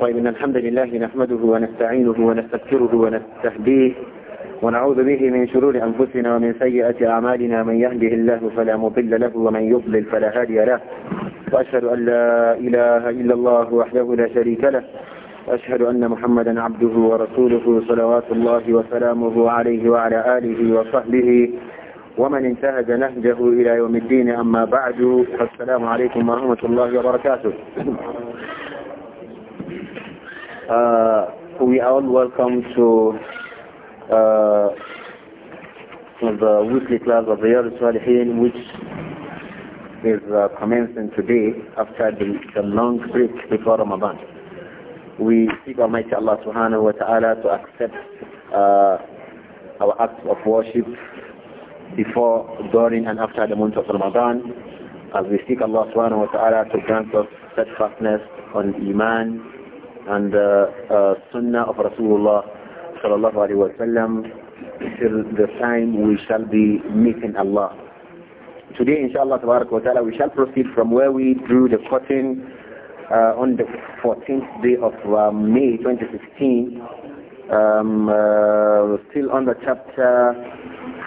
طيب إن الحمد لله نحمده ونستعينه ونستغفره ونستهديه ونعوذ به من شرور أنفسنا ومن سيئات أعمالنا من يهده الله فلا مضل له ومن يضلل فلا هادي له وأشهد أن لا إله إلا الله وحده لا شريك له وأشهد أن محمدا عبده ورسوله صلوات الله وسلامه عليه وعلى آله وصحبه ومن انتهج نهجه إلى يوم الدين أما بعد فالسلام عليكم ورحمة الله وبركاته Uh, we we all welcome to uh, the weekly class of the Riyadh Salihin, which is uh, commencing today after the, the, long break before Ramadan. We seek Almighty Allah subhanahu wa ta'ala to accept uh, our acts of worship before, during and after the month of Ramadan as we seek Allah subhanahu wa ta'ala to grant us steadfastness on Iman and the uh, uh, Sunnah of Rasulullah sallallahu alaihi wasallam till the time we shall be meeting Allah. Today, inshallah, wa ta'ala, we shall proceed from where we drew the curtain uh, on the 14th day of uh, May 2016, um, uh, still on the chapter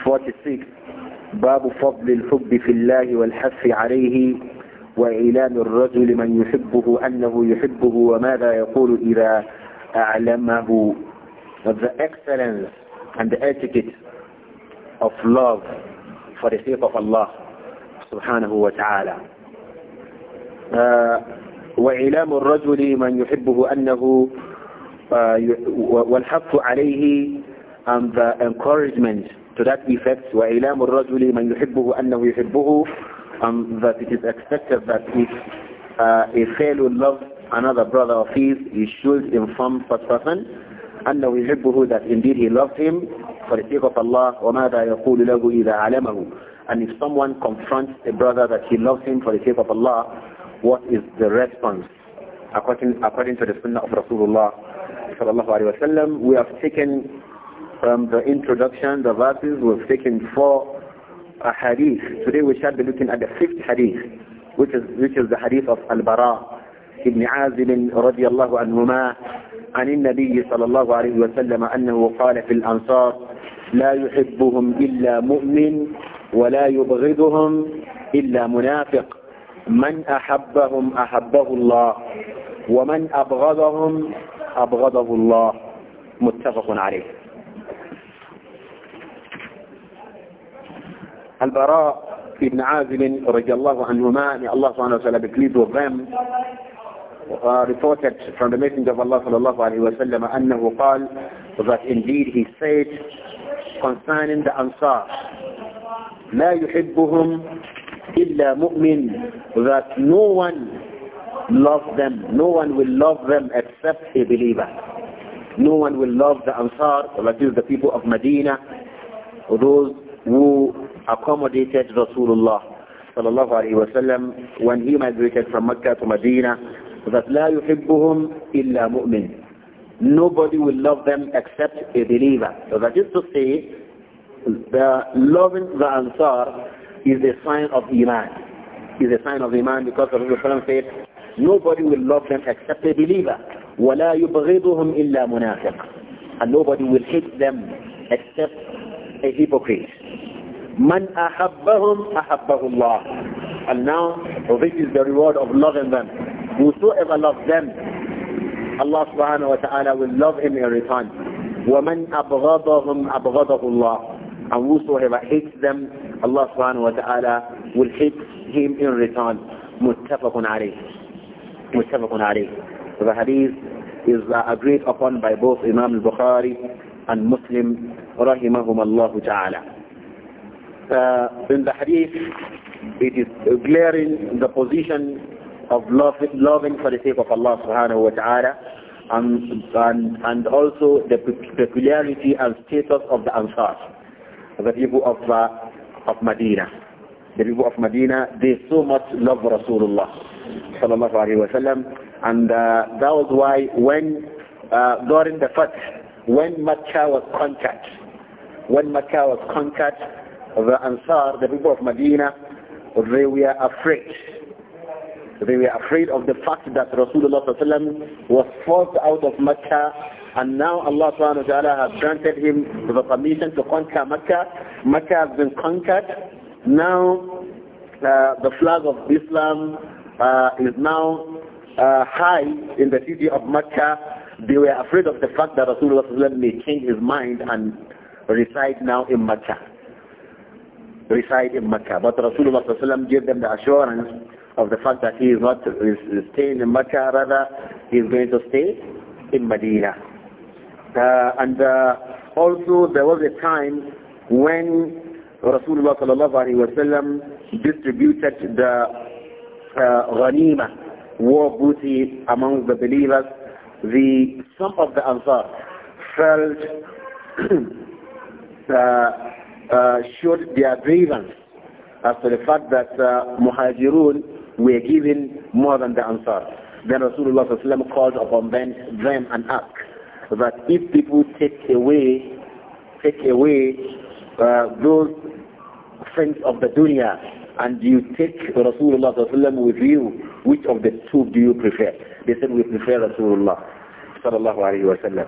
46, باب فضل الحب في Wal والحث عليه وإعلام الرجل من يحبه أنه يحبه وماذا يقول إذا أعلمه the excellence and the etiquette of love for the sake of Allah subhanahu wa ta'ala وإعلام الرجل من يحبه أنه والحق عليه and the encouragement to that effect وإعلام الرجل من يحبه أنه يحبه um, that it is expected that if uh, a fellow loves another brother of his, he should inform such person أنه يحبه that indeed he loves him for the sake of Allah وماذا يقول له إذا علمه and if someone confronts a brother that he loves him for the sake of Allah what is the response according, according to the sunnah of Rasulullah sallallahu alayhi wa we have taken from the introduction the verses we've taken four a hadith. Today we shall be looking at the fifth hadith, which is, which is the hadith of Al-Bara ibn عازب رضي الله عنهما عن النبي صلى الله عليه وسلم أنه قال في الأنصار لا يحبهم إلا مؤمن ولا يبغضهم إلا منافق من أحبهم أحبه الله ومن أبغضهم أبغضه الله متفق عليه البراء بن عازم رضي الله عنهما may Allah subhanahu wa ta'ala be uh, reported from the Messenger of Allah صلى الله عليه وسلم أنه قال that indeed he said concerning the Ansar لا يحبهم إلا مؤمن that no one loves them no one will love them except a believer no one will love the Ansar that is the people of Medina those who accommodated Rasulullah sallallahu alayhi when he migrated from Mecca to Medina that لا يحبهم إلا مؤمن nobody will love them except a believer so that is to say the loving the Ansar is a sign of Iman is a sign of Iman because Rasulullah said nobody will love them except a believer ولا يبغضهم إلا منافق and nobody will hate them except a hypocrite. Man ahabbahum ahabbahullah. And now, this is the reward of loving them. Whosoever loves them, Allah subhanahu wa ta'ala will love him in return. وَمَنْ أَبْغَضَهُمْ أَبْغَضَهُ اللَّهُ And whosoever hates them, Allah subhanahu wa ta'ala will hate him in return. متفق عليه متفق عليه The hadith is agreed upon by both Imam al-Bukhari and Muslim rahimahum Allah ta'ala. Uh, in the hadith, it is glaring the position of love, loving for the sake of Allah subhanahu wa ta'ala and, and, and also the peculiarity and status of the Ansar, the people of, uh, of Medina. The people of Medina, they so much love Rasulullah sallallahu alayhi wa sallam and uh, that was why when uh, during the Fatih, when Makkah was conquered, when Mecca was conquered, the Ansar, the people of Medina, they were afraid. They were afraid of the fact that Rasulullah was forced out of Mecca and now Allah subhanahu wa ta'ala has granted him the permission to conquer Mecca. Mecca has been conquered. Now uh, the flag of Islam uh, is now uh, high in the city of Mecca. They were afraid of the fact that Rasulullah may change his mind and reside now in Mecca. Reside in Mecca. But Rasulullah ﷺ gave them the assurance of the fact that he is not staying in Mecca, rather he is going to stay in Medina. Uh, and uh, also there was a time when Rasulullah ﷺ distributed the uh, war booty among the believers. The some of the Ansar felt Uh, uh, showed their grievance as to the fact that uh, Muhajirun were given more than the Ansar. Then Rasulullah called upon them, and asked that if people take away, take away those things of the dunya and you take Rasulullah with you, which of the two do you prefer? They said, we prefer Rasulullah صلى الله عليه وسلم.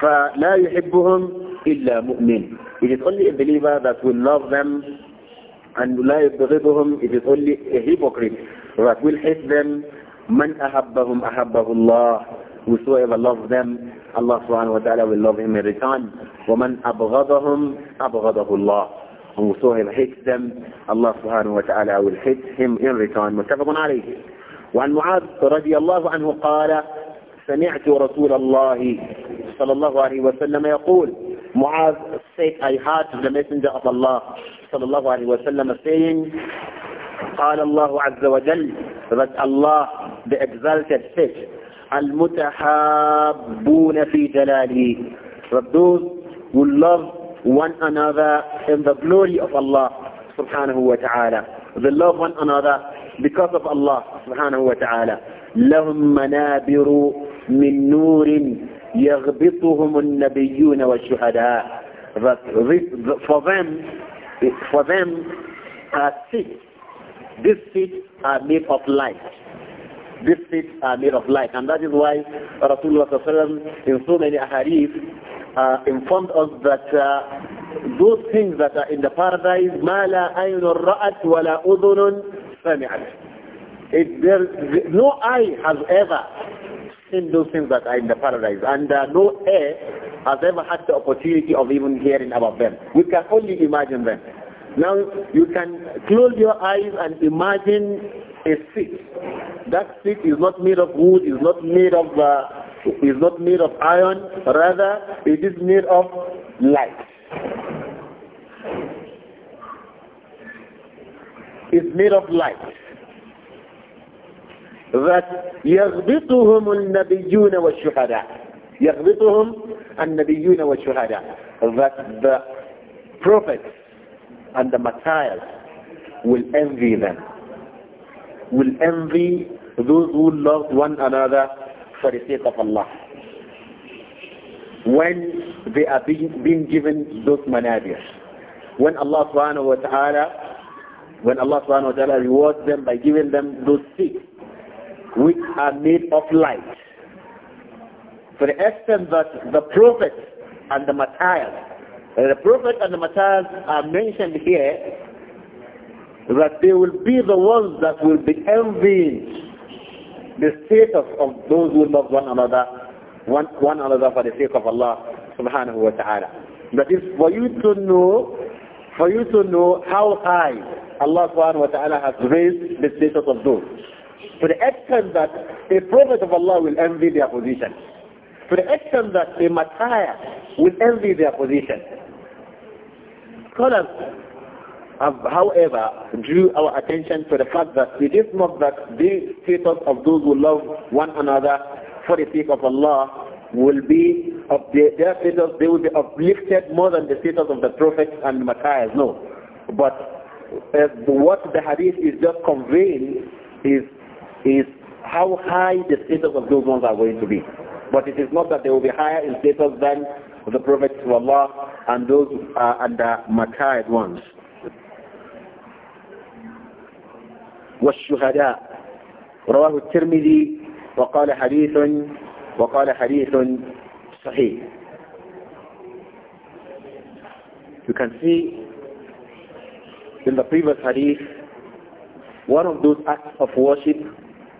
فَلَا يُحِبُّهُمْ إِلَّا مُؤْمِنٌ It is only a believer that will love them and لا يبغضهم. It is only a hypocrite that will hate them. من أحبهم أحبه الله. Whosoever loves them, Allah subhanahu wa ta'ala will love him in return. ومن أبغضهم أبغضه الله. And whosoever hates them, Allah subhanahu wa ta'ala will hate him in return. متفق عليه. وعن معاذ رضي الله عنه قال سمعت رسول الله صلى الله عليه وسلم يقول Muaz said, I heard the Messenger of Allah sallallahu alayhi wa sallam saying, قال الله عز وجل that Allah the exalted said المتحابون في جلاله that those who love one another in the glory of Allah سبحانه وتعالى ta'ala they love one another because of Allah سبحانه وتعالى لهم منابر من نور يغبطهم النبيون والشهداء that for them for them are seats these seats are made of light these seats are made of light and that is why Rasulullah صلى الله عليه وسلم in so many ahadith uh, informed us that uh, those things that are in the paradise ما لا عين رأت ولا أذن سمعت it, there, no eye has ever those things that are in the paradise. And uh, no air has ever had the opportunity of even hearing about them. We can only imagine them. Now, you can close your eyes and imagine a seat. That seat is not made of wood, is not made of, uh, is not made of iron. Rather, it is made of light. It's made of light that يغبطهم النبيون والشهداء يغبطهم النبيون والشهداء that the prophets and the martyrs will envy them will envy those who loved one another for the sake of Allah when they are being, being given those manabias, when Allah subhanahu wa ta'ala when Allah subhanahu wa ta'ala rewards them by giving them those seats which are made of light. For the extent that the prophets and the martyrs, the prophets and the martyrs are mentioned here, that they will be the ones that will be envying the status of those who love one another, one, one another for the sake of Allah subhanahu wa ta'ala. That is for you to know, for you to know how high Allah subhanahu wa ta'ala has raised the status of those to the extent that a prophet of Allah will envy their position, to the extent that a martyr will envy their position. Scholars have, however, drew our attention to the fact that it is not that the status of those who love one another for the sake of Allah will be of their, their status, they will be uplifted more than the status of the prophets and martyrs. No. But uh, what the hadith is just conveying is is how high the status of those ones are going to be. But it is not that they will be higher in status than the prophets of Allah and those uh, and the martyred ones. والشهداء رواه الترمذي وقال حديث وقال حديث صحيح You can see in the previous hadith one of those acts of worship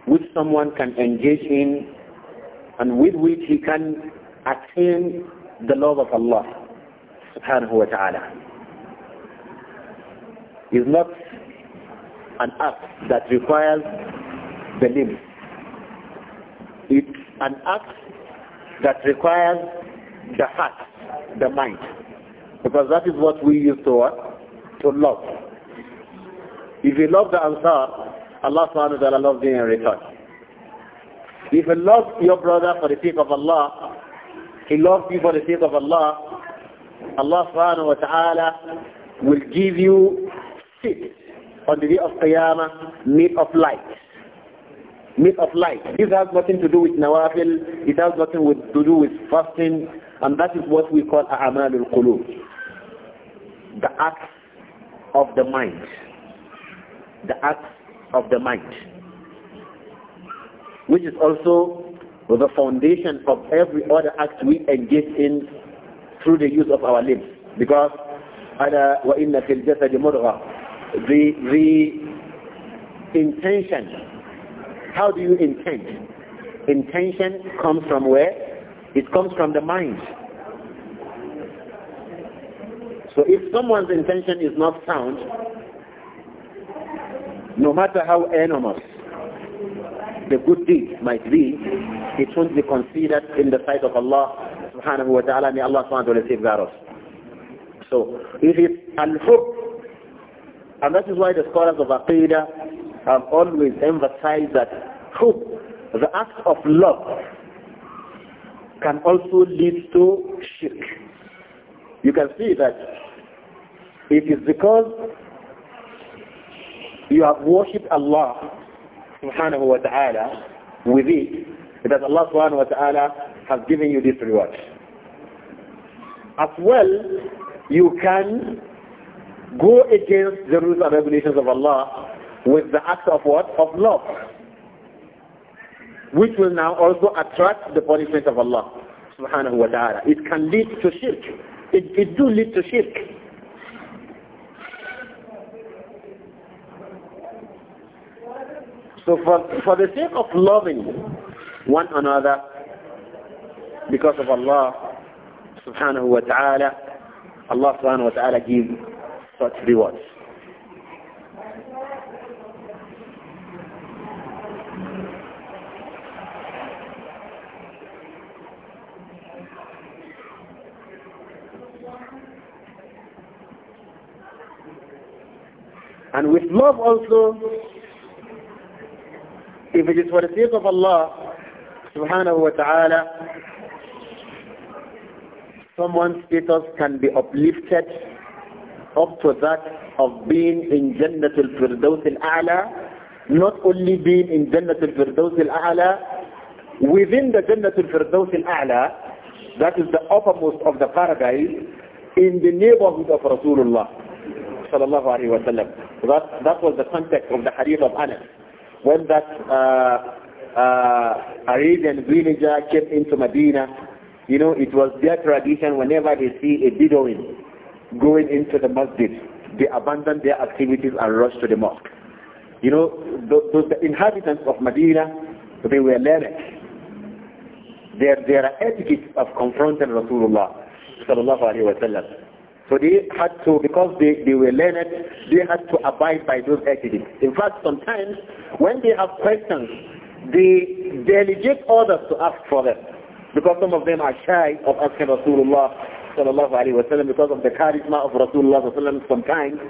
which someone can engage in and with which he can attain the love of Allah subhanahu wa ta'ala. Is not an act that requires the limbs. It's an act that requires the heart, the mind. Because that is what we use to, uh, to love. If you love the Ansar, Allah subhanahu wa ta'ala loves you in return. If you love your brother for the sake of Allah, he loves you for the sake of Allah, Allah subhanahu wa ta'ala will give you fit on the day of Qiyamah, made of light. Made of light. This has nothing to do with nawafil, it has nothing with, to do with fasting, and that is what we call a'amalul qulub. The acts of the mind. The acts of the mind, which is also the foundation of every other act we engage in through the use of our limbs. Because أَلَا وَإِنَّ فِي the, the intention, how do you intend? Intention comes from where? It comes from the mind. So if someone's intention is not sound, no matter how enormous the good deed might be, it won't be considered in the sight of Allah subhanahu wa ta'ala. May Allah subhanahu wa ta'ala safeguard us. So it is al-hub. And that is why the scholars of Aqidah have always emphasized that hub, the act of love, can also lead to shirk. You can see that it is because you have worshipped Allah subhanahu wa ta'ala with it because Allah subhanahu wa ta'ala has given you this reward. As well, you can go against the rules and regulations of Allah with the act of what? Of love. Which will now also attract the punishment of Allah subhanahu wa ta'ala. It can lead to shirk. It, it do lead to shirk. So for, for the sake of loving one another, because of Allah subhanahu wa ta'ala, Allah subhanahu wa ta'ala gives such rewards. And with love also, if it is for the sake of Allah subhanahu wa ta'ala, someone's status can be uplifted up to that of being in Jannatul Firdaus al-A'la, not only being in Jannatul Firdaus al-A'la, within the Jannatul Firdaus al-A'la, that is the uppermost of the paradise, in the neighborhood of Rasulullah sallallahu That, that was the context of the hadith of Anas when that uh, uh, Arabian villager came into Medina, you know, it was their tradition whenever they see a Bedouin going into the masjid, they abandon their activities and rush to the mosque. You know, those, the inhabitants of Medina, they were learned. There, there are etiquettes of confronting Rasulullah sallallahu alaihi wasallam. So they had to, because they, they were learned, they had to abide by those etiquettes. In fact, sometimes when they have questions, they delegate others to ask for them. Because some of them are shy of asking Rasulullah sallallahu alayhi wa sallam because of the charisma of Rasulullah sallallahu alayhi sallam. Sometimes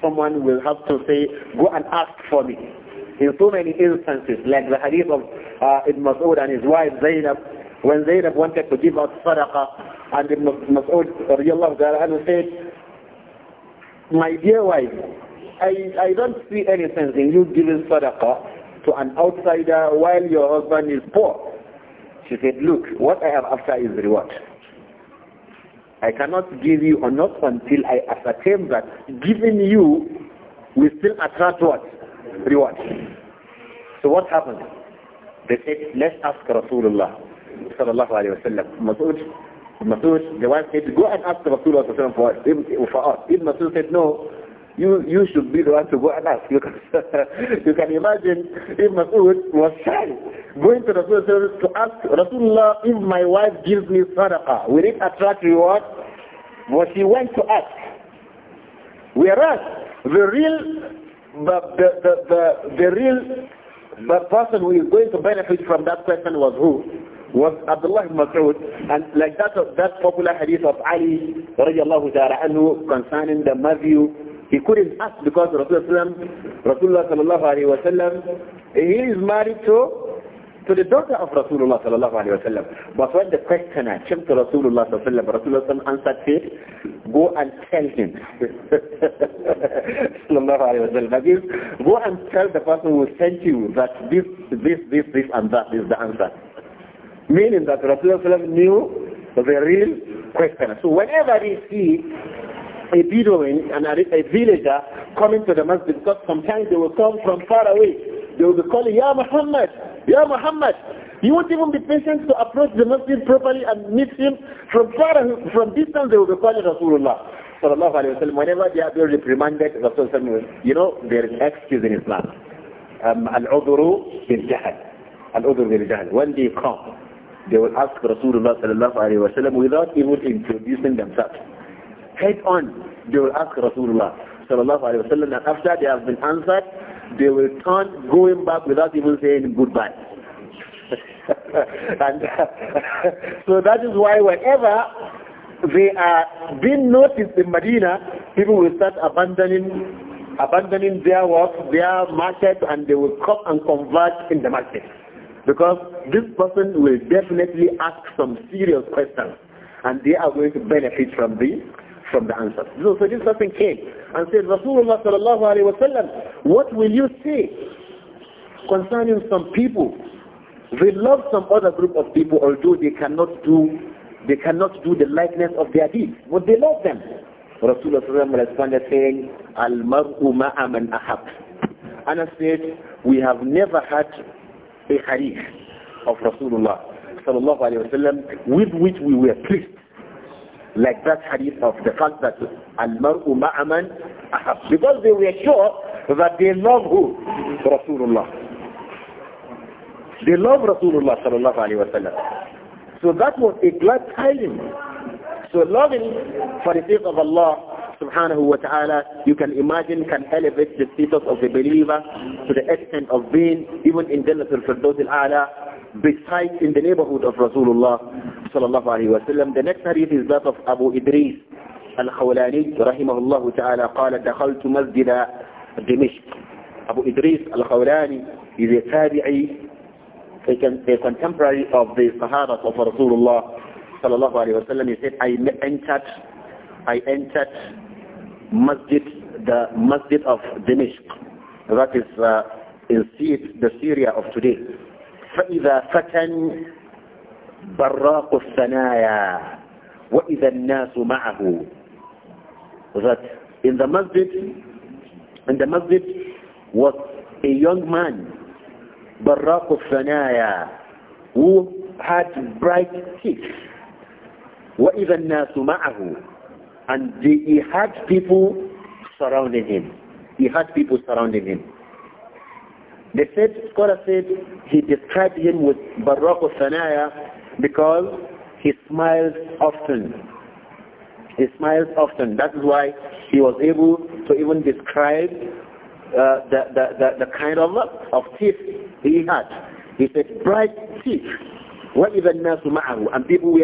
someone will have to say, go and ask for me. In so many instances, like the hadith of uh, Ibn Mas'ud and his wife Zainab, when they wanted to give out sadaqah, and Ibn Mas'ud said, My dear wife, I, I don't see any sense in you giving sadaqah to an outsider while your husband is poor. She said, look, what I have after is reward. I cannot give you enough until I ascertain that giving you will still attract what? Reward. So what happened? They said, let's ask Rasulullah sallallahu alayhi wa sallam. Mas'ud, Mas'ud, the wife said, go and ask Rasulullah sallallahu for us. If, for us. said, no, you, you should be the one to go and ask. You can, you can imagine if Masood was shy going to Rasul to ask Rasulullah if my wife gives me sadaqah, will it attract reward? But she went to ask. Whereas the real, the, the, the, the, the real the person who is going to benefit from that question was who? was Abdullah ibn Mas'ud and like that that popular hadith of Ali radiallahu ta'ala anhu concerning the Matthew he couldn't ask because Rasulullah Rasulullah sallallahu alayhi wa sallam he is married to to the daughter of Rasulullah sallallahu alayhi wa sallam but when the questioner came to Rasulullah sallallahu alayhi wa sallam Rasulullah answered said go and tell him sallallahu alayhi wa sallam go and tell the person who sent you that this this this this and that is the answer Meaning that Rasulullah knew the real questioner. So whenever he see a Bedouin and a villager coming to the masjid, because sometimes they will come from far away, they will be calling, Ya Muhammad, Ya Muhammad. You won't even be patient to approach the masjid properly and meet him from far, from distance they will be calling Rasulullah sallallahu alayhi wa whenever they are being reprimanded, Rasulullah you know, there is excuse in Islam. Um, Al-udhuru bil and Al-udhuru bil-jahal. When they come, they will ask Rasulullah sallallahu alayhi wa sallam without even introducing themselves. Head on, they will ask Rasulullah sallallahu alayhi wa sallam and after they have been answered, they will turn going back without even saying goodbye. and so that is why whenever they are being noticed in Medina, people will start abandoning abandoning their work, their market, and they will come and convert in the market. Because this person will definitely ask some serious questions and they are going to benefit from the from the answer. So, so this person came and said, Rasulullah sallallahu alayhi wa sallam, what will you say concerning some people? They love some other group of people although they cannot do they cannot do the likeness of their deeds, but they love them. Rasulullah sallallahu responded saying, Al mar'u ma'a ahab. Anna said, we have never had a hadith of Rasulullah sallallahu alayhi wasallam with which we were pleased. Like that hadith of the fact that Al-Mar'u Ma'aman Because they were sure that they love who? Rasulullah. They love Rasulullah sallallahu alayhi wasallam. So that was a glad tidings. So loving for the sake of Allah subhanahu wa ta'ala, you can imagine, can elevate the status of the believer to the extent of being even in Jannah al-Firdaus al-A'la, besides in the neighborhood of Rasulullah sallallahu alayhi wa sallam. The next hadith is that of Abu Idris al-Khawlani rahimahullah ta'ala Abu Idris al-Khawlani is a tabi'i, a contemporary of the Sahaba of Rasulullah sallallahu alayhi wa sallam. He said, I entered I entered masjid, the masjid of Dimishq, that is uh, in the Syria of today. فإذا فتن براق الثنايا وإذا الناس معه that in the masjid in the masjid was a young man براق الثنايا who had bright teeth وإذا الناس معه and the, he had people surrounding him. He had people surrounding him. They said, scholar said he described him with Barak Sanaya because he smiles often. He smiles often. That is why he was able to even describe uh, the, the, the, the, kind of, of teeth he had. He said, bright teeth. وَإِذَا النَّاسُ مَعَهُ And people were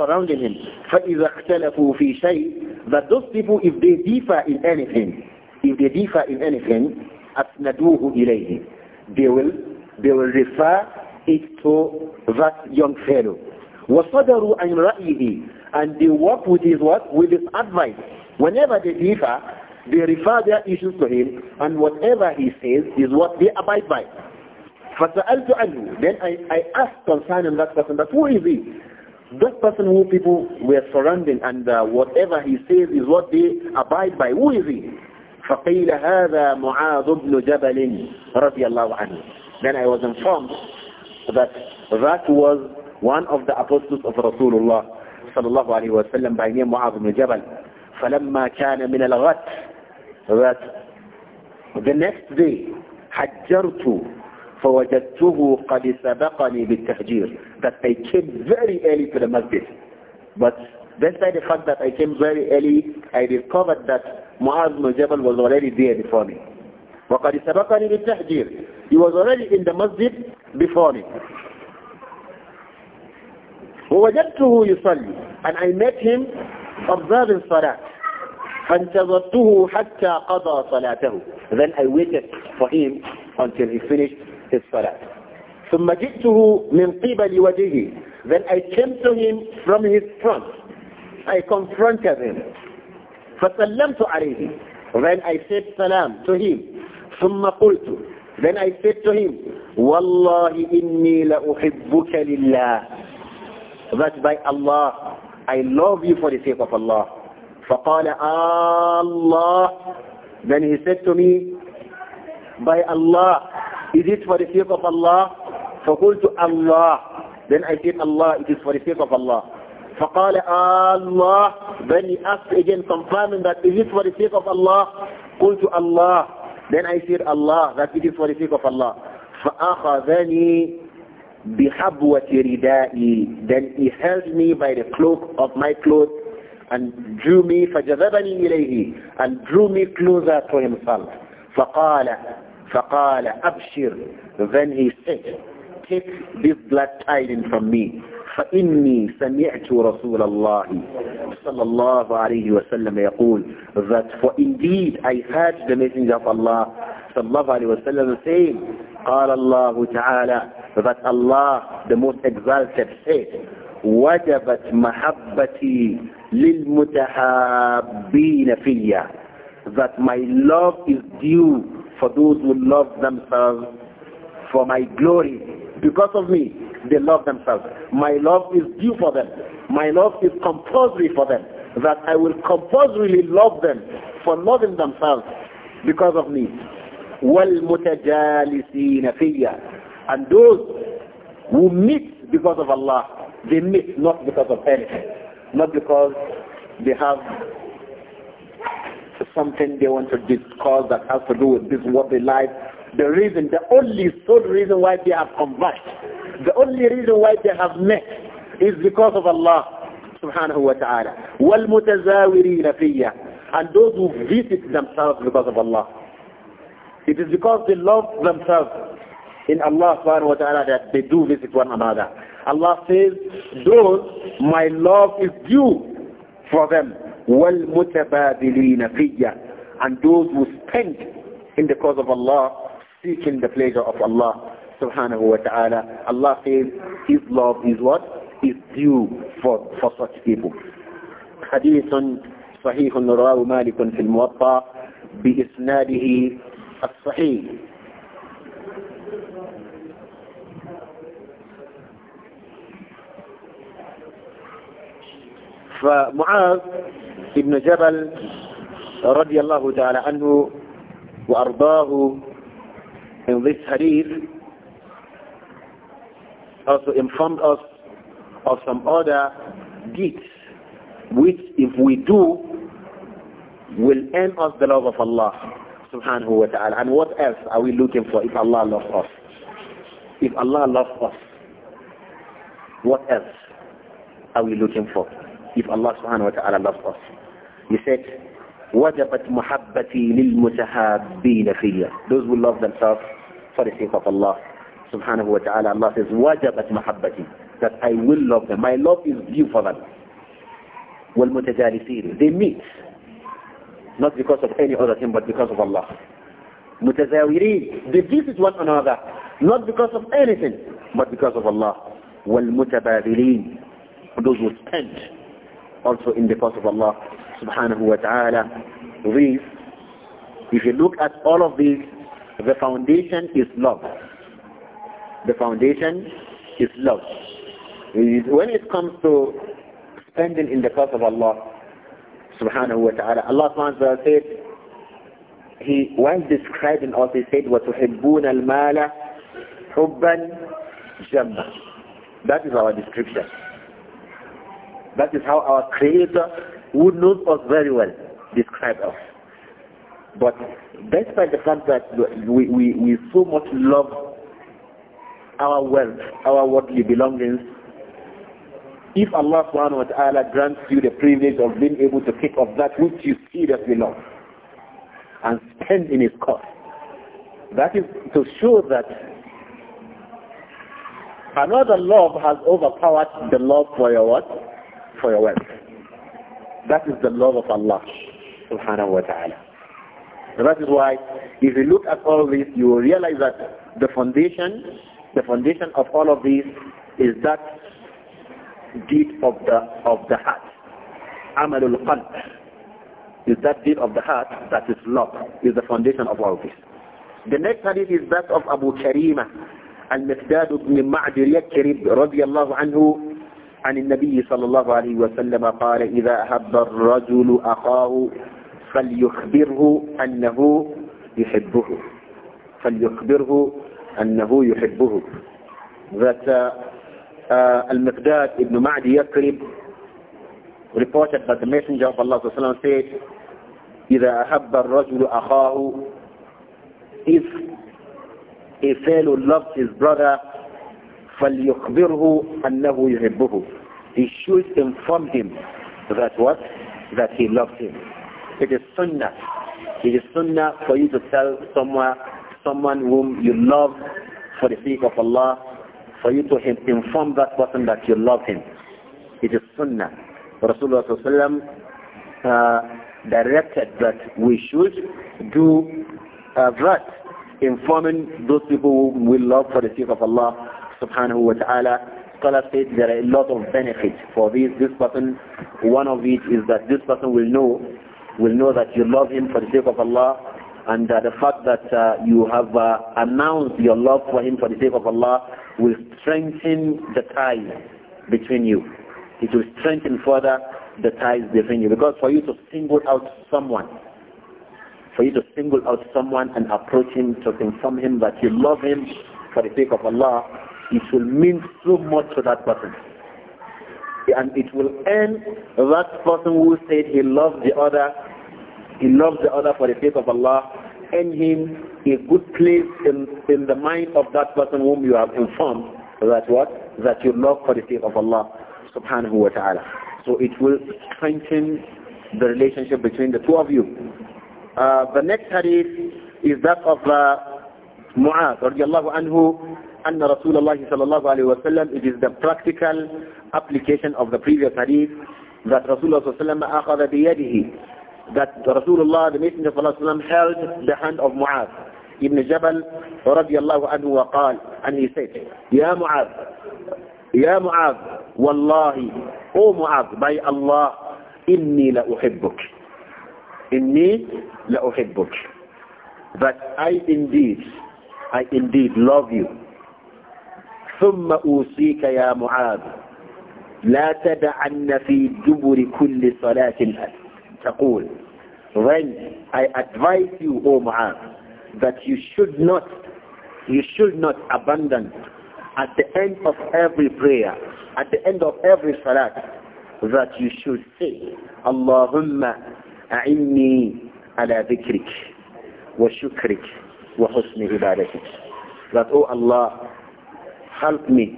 surrounding him. فَإِذَا اخْتَلَفُوا فِي شَيْءٍ That those people, if they differ in anything, if they differ in anything, أَسْنَدُوهُ إِلَيْهِ They will, they will refer it to that young fellow. وَصَدَرُوا عَنْ رَأْيِهِ And they work with his what? With his advice. Whenever they differ, they refer their issues to him, and whatever he says is what they abide by. فَسَأَلْتُ عَنْهُ Then I, I asked concerning that person, that who is he? That person who people were surrounding and uh, whatever he says is what they abide by. Who is he? فقيل هذا معاذ بن جبل رضي الله عنه. Then I was informed that that was one of the apostles of Rasulullah صلى الله عليه وسلم by name معاذ بن جبل. فلما كان من الغد that the next day حجرت فوجدته قد سبقني بالتهجير that I came very early to the masjid. But despite the fact that I came very early, I discovered that Muaz Mujabal was already there before me. وقد سبقني بالتهجير. He was already in the masjid before me. ووجدته يصلي and I met him observing salat فانتظرته حتى قضى صلاته. Then I waited for him until he finished his salah. ثم جئته من قبل وجهه Then I came to him from his front. I confronted him. فسلمت عليه Then I said salam to him. ثم قلت Then I said to him, والله إني لأحبك لله That by Allah, I love you for the sake of Allah. فقال Allah Then he said to me, by Allah, Is it for the sake of Allah? فقلت Allah. Then I said Allah, it is for the sake of Allah. فقال Allah. Then he asked again confirming that is it for the sake of Allah? قلت Allah. Then I said Allah, that it is for the sake of Allah. فأخذني بحبوة ردائي. Then he held me by the cloak of my clothes and drew me فجذبني إليه and drew me closer to himself. فقال فقال أبشر then he said take this black tidings from me فإني سمعت رسول الله صلى الله عليه وسلم يقول that for indeed I heard the messenger of Allah صلى الله عليه وسلم saying قال الله تعالى that Allah the most exalted said وجبت محبتي للمتحابين فيا that my love is due for those who love themselves for my glory. Because of me, they love themselves. My love is due for them. My love is compulsory for them. That I will compulsorily love them for loving themselves because of me. وَالْمُتَجَالِسِينَ فِيَّ And those who meet because of Allah, they meet not because of anything. Not because they have something they want to discuss that has to do with this worldly life. The reason, the only sole reason why they have converted, the only reason why they have met is because of Allah subhanahu wa ta'ala. وَالْمُتَزَاوِرِينَ فِيَّ And those who visit themselves because of Allah. It is because they love themselves in Allah subhanahu wa ta'ala that they do visit one another. Allah says, those my love is due for them. وَالْمُتَبَادِلِينَ فيا And those who spend in the cause of Allah, seeking the pleasure of Allah subhanahu wa ta'ala. Allah says His love is what? Is due for, for such people. حديث صحيح رواه مالك في الموطأ بإسناده الصحيح فمعاذ ابن جبل رضي الله تعالى عنه وأرضاه in this hadith also informed us of some other deeds which if we do will earn us the love of Allah subhanahu wa ta'ala. And what else are we looking for if Allah loves us? If Allah loves us, what else are we looking for? if Allah subhanahu wa ta'ala loves us. He said, وَجَبَتْ مُحَبَّتِي لِلْمُتَحَابِّينَ فِيَّ Those who love themselves for the sake of Allah subhanahu wa ta'ala. Allah says, وَجَبَتْ مُحَبَّتِي That I will love them. My love is due for them. وَالْمُتَجَالِسِينَ They meet. Not because of any other thing, but because of Allah. مُتَزَاوِرِينَ They visit one another. Not because of anything, but because of Allah. وَالْمُتَبَادِلِينَ Those who spend also in the cause of Allah subhanahu wa ta'ala. These, if you look at all of these, the foundation is love. The foundation is love. When it comes to spending in the cause of Allah subhanahu wa ta'ala, Allah subhanahu wa ta'ala said, he, while describing us, he said, وَتُحِبُّونَ الْمَالَ حُبًّا جَمًّا That is our description. That is how our Creator, who knows us very well, describe us. But despite the fact that we, we, we so much love our wealth, our worldly belongings, if Allah subhanahu wa ta'ala grants you the privilege of being able to pick up that which you seriously love and spend in His cause, that is to show that another love has overpowered the love for your what? for your wealth. That is the love of Allah subhanahu wa ta'ala. And that is why if you look at all this, you will realize that the foundation, the foundation of all of this is that deed of the of the heart. Amalul qalb is that deed of the heart that is love, is the foundation of all this. The next hadith is that of Abu Karima al-Miqdad ibn Ma'dir Yakrib radiallahu anhu عن النبي صلى الله عليه وسلم قال إذا أحب الرجل أخاه فليخبره أنه يحبه فليخبره أنه يحبه ذات المقداد ابن معدي يقرب reported that the messenger of Allah صلى الله عليه وسلم said إذا أحب الرجل أخاه if a fellow loves his brother فَلْيُخْبِرْهُ أَنَّهُ يُحِبُّهُ He should inform him that what? That he loves him. It is sunnah. It is sunnah for you to tell someone, someone whom you love for the sake of Allah, for you to inform that person that you love him. It is sunnah. Rasulullah uh, directed that we should do uh, that, informing those people whom we love for the sake of Allah subhanahu wa ta'ala, scholar said there are a lot of benefits for this, this person. One of it is that this person will know, will know that you love him for the sake of Allah and the fact that uh, you have uh, announced your love for him for the sake of Allah will strengthen the ties between you. It will strengthen further the ties between you because for you to single out someone, for you to single out someone and approach him to inform him that you love him for the sake of Allah it will mean so much to that person. And it will earn that person who said he loves the other, he loves the other for the sake of Allah, earn him a good place in, in the mind of that person whom you have informed that what? That you love for the sake of Allah subhanahu wa ta'ala. So it will strengthen the relationship between the two of you. Uh, the next hadith is that of uh, Mu'adh radiallahu anhu أن رسول الله صلى الله عليه وسلم it is the practical application of the previous hadith that رسول الله صلى الله عليه وسلم أخذ بيده that رسول الله the Messenger of Allah وسلم, held the hand of Mu'az ibn Jabal رضي الله عنه وقال and he said يا معاذ يا معاذ والله او Mu'az by Allah إني لأحبك إني لأحبك that I indeed I indeed love you ثم أوصيك يا معاذ لا تدعن في دبر كل صلاة تقول Then I advise you, O معاذ that you should not, you should not abandon at the end of every prayer, at the end of every صلاة that you should say, Allahumma a'inni ala ذكرك wa shukrik wa husni ibadatik. That, O oh Allah, help me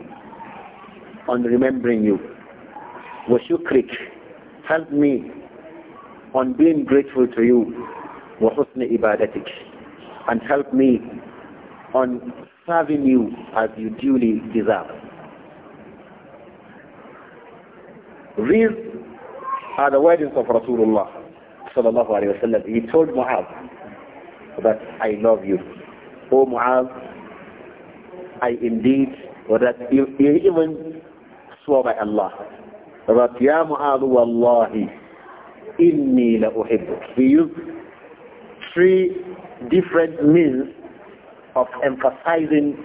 on remembering you. وشكرك help me on being grateful to you. وحسن إبادتك and help me on serving you as you duly deserve. These are the words of Rasulullah صلى الله عليه وسلم. He told Mu'adh that I love you. oh, Mu'adh, I indeed or that he, even swore by Allah that Ya Mu'adh Wallahi Inni la uhibbuk. He used three different means of emphasizing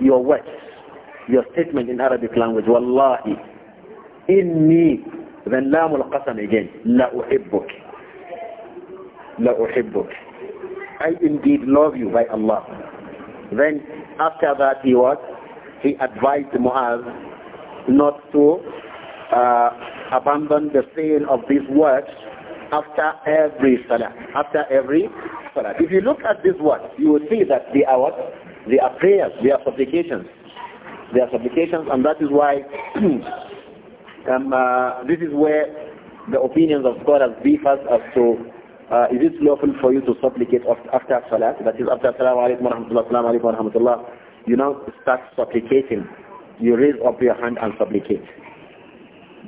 your words, your statement in Arabic language. Wallahi Inni then Lam al-Qasam again. La uhibbuk. La uhibbuk. I indeed love you by Allah. Then after that he was he advised Muaz not to uh, abandon the saying of these words after every salah, after every salah. If you look at these words, you will see that they are what? They are prayers, they are supplications. They are supplications and that is why um, uh, this is where the opinions of scholars differ as to uh, is it lawful for you to supplicate after salah, that is after salam wa rahmatullah, alaikum wa rahmatullah, you now start supplicating. You raise up your hand and supplicate.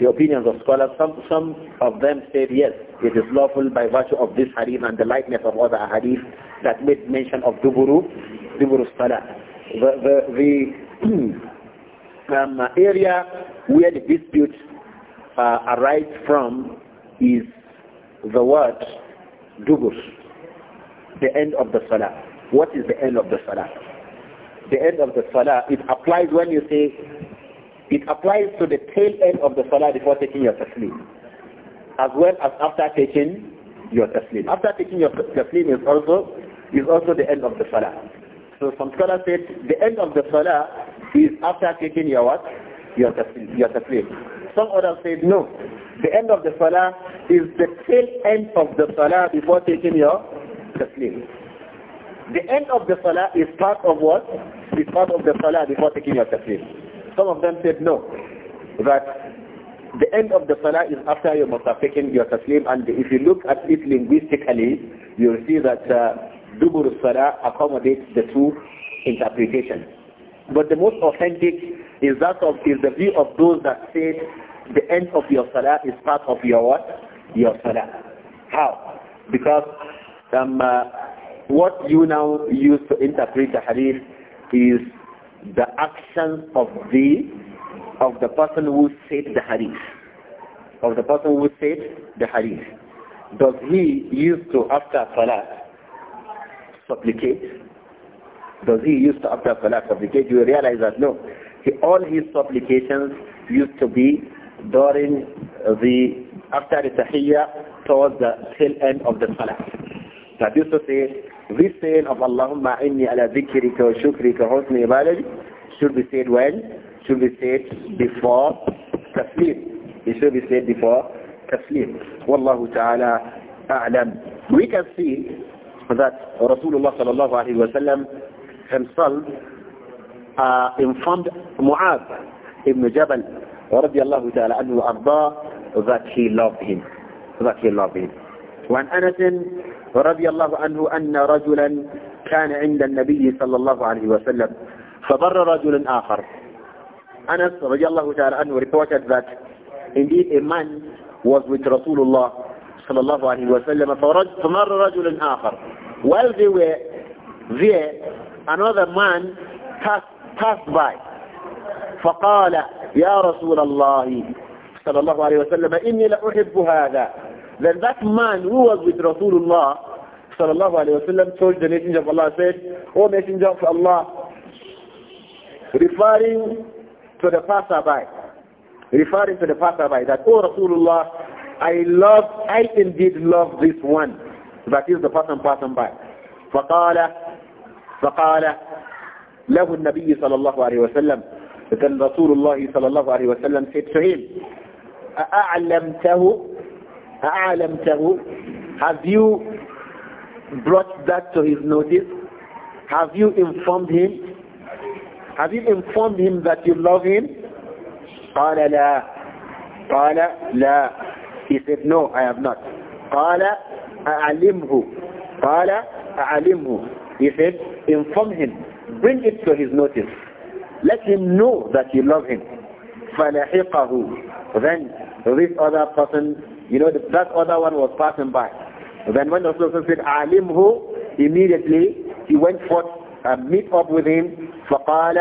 The opinions of scholars, some, some of them said yes, it is lawful by virtue of this hadith and the likeness of other hadith that made mention of duburu, duburu salah. The, the, the um, area where the dispute uh, arises from is the word dubur, the end of the salah. What is the end of the salah? the end of the salah, it applies when you say, it applies to the tail end of the salah before taking your taslim, as well as after taking your taslim. After taking your taslim is also, is also the end of the salah. So some scholars said the end of the salah is after taking your what? Your taslim. Your taslim. Some others said no. The end of the salah is the tail end of the salah before taking your taslim. The end of the salah is part of what? Is part of the salah before taking your takbir. Some of them said no, that the end of the salah is after you must have taken your taslim and if you look at it linguistically, you'll see that uh, dubur salah accommodates the two interpretations. But the most authentic is that of is the view of those that say the end of your salah is part of your what? Your salah. How? Because um, uh, what you now use to interpret the hadith is the actions of the of the person who said the hadith. Of the person who said the hadith. Does he used to after salat supplicate? Does he used to after salat supplicate? You realize that no. He, all his supplications used to be during the after the tahiyya towards the tail end of the salah. used to say, this saying of Allahumma inni ala dhikrika wa shukrika husni ibadati should be said when? Should be said before taslim. It should be said before taslim. Wallahu ta'ala a'lam. We can see that Rasulullah sallallahu alayhi wa sallam himself uh, informed Mu'ab ibn Jabal radiallahu ta'ala anhu arda that he loved him. That he loved him. وعن أنس رضي الله عنه أن رجلا كان عند النبي صلى الله عليه وسلم فضر رجل آخر أنس رضي الله تعالى عنه reported that indeed a man was with رسول الله صلى الله عليه وسلم فمر رجل آخر while they were there another man passed, passed by فقال يا رسول الله صلى الله عليه وسلم إني لأحب هذا Then that man who was with Rasulullah sallallahu alayhi sallam told the messenger of Allah, said, O messenger of Allah, referring to the passerby, referring to the passerby that, O Rasulullah, I love, I indeed love this one. That is the person passing by. فقال فقال له النبي صلى الله عليه وسلم then Rasulullah صلى الله عليه وسلم said to him أأعلمته Have you brought that to his notice? Have you informed him? Have you informed him that you love him? قَالَ لَا قَالَ لَا He said, no, I have not. قَالَ أَعْلِمْهُ قَالَ أَعْلِمْهُ He said, inform him. Bring it to his notice. Let him know that you love him. فَلَحِقَهُ Then this other person you know, that other one was passing by. Then when the person said, Alimhu, immediately he went forth and meet up with him. فقال,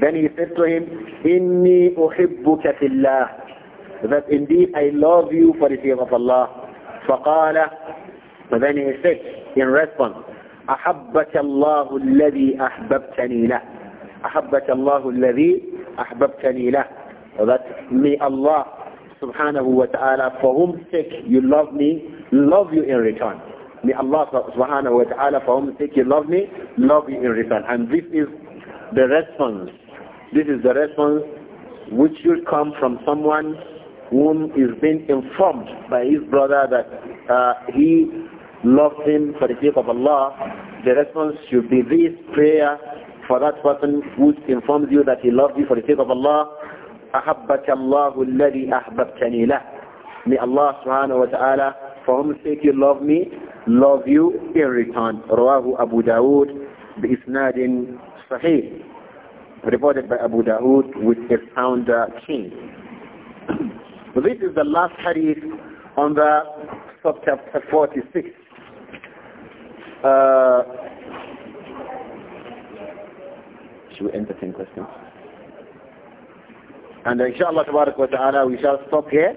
then he said to him, Inni uhibbuka fillah. That indeed I love you for the sake of Allah. فقال, then he said in response, أحبك الله الذي أحببتني له. أحبك الله الذي أحببتني له. That may Allah subhanahu wa ta'ala for whom sake you love me, love you in return. May Allah subhanahu wa ta'ala for whom sake you love me, love you in return. And this is the response. This is the response which should come from someone whom is being informed by his brother that uh, he loves him for the sake of Allah. The response should be this prayer for that person who informs you that he loves you for the sake of Allah. أحبك الله الذي أحببتني له May Allah subhanahu wa ta'ala, for whom sake you love me, love you in return. رواه أبو داود بإسناد صحيح. Reported by Abu Dawood with a sound chain. this is the last hadith on the subchapter 46. Uh, should we entertain questions? And inshallah ta'ala we shall stop here.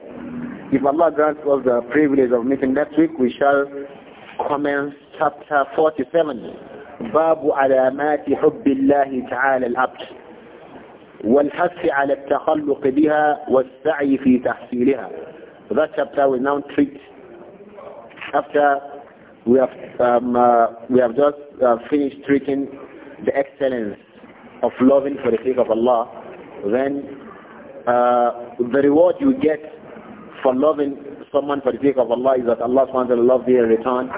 If Allah grants us the privilege of meeting next week, we shall commence chapter 47. باب علامات حب الله تعالى العبد والحث على التخلق بها والسعي في تحصيلها. That chapter we now treat after we have um, uh, we have just uh, finished treating the excellence of loving for the sake of Allah. Then uh, the reward you get for loving someone for the sake of Allah is that Allah wants to love loves you in return.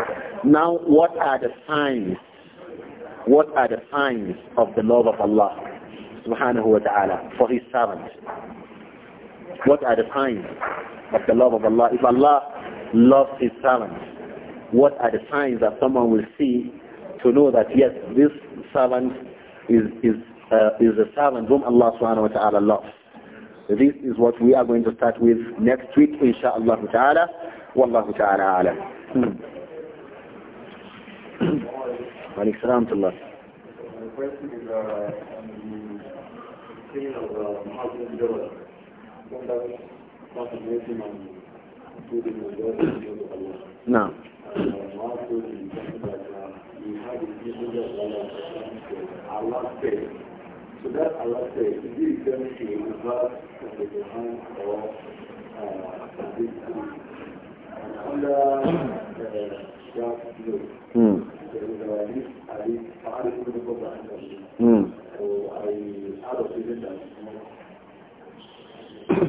Now, what are the signs? What are the signs of the love of Allah subhanahu wa ta'ala for his servants? What are the signs of the love of Allah? If Allah loves his servants, what are the signs that someone will see to know that yes, this servant is, is, uh, is a servant whom Allah subhanahu wa ta'ala loves? This is what we are going to start with next week, insha'Allah ta'ala. Wallahu ta'ala alam. Malik hmm. salam to Allah. The question is uh, on the of uh, Muslim What does including the uh, uh, of Allah? No. Uh, that Allah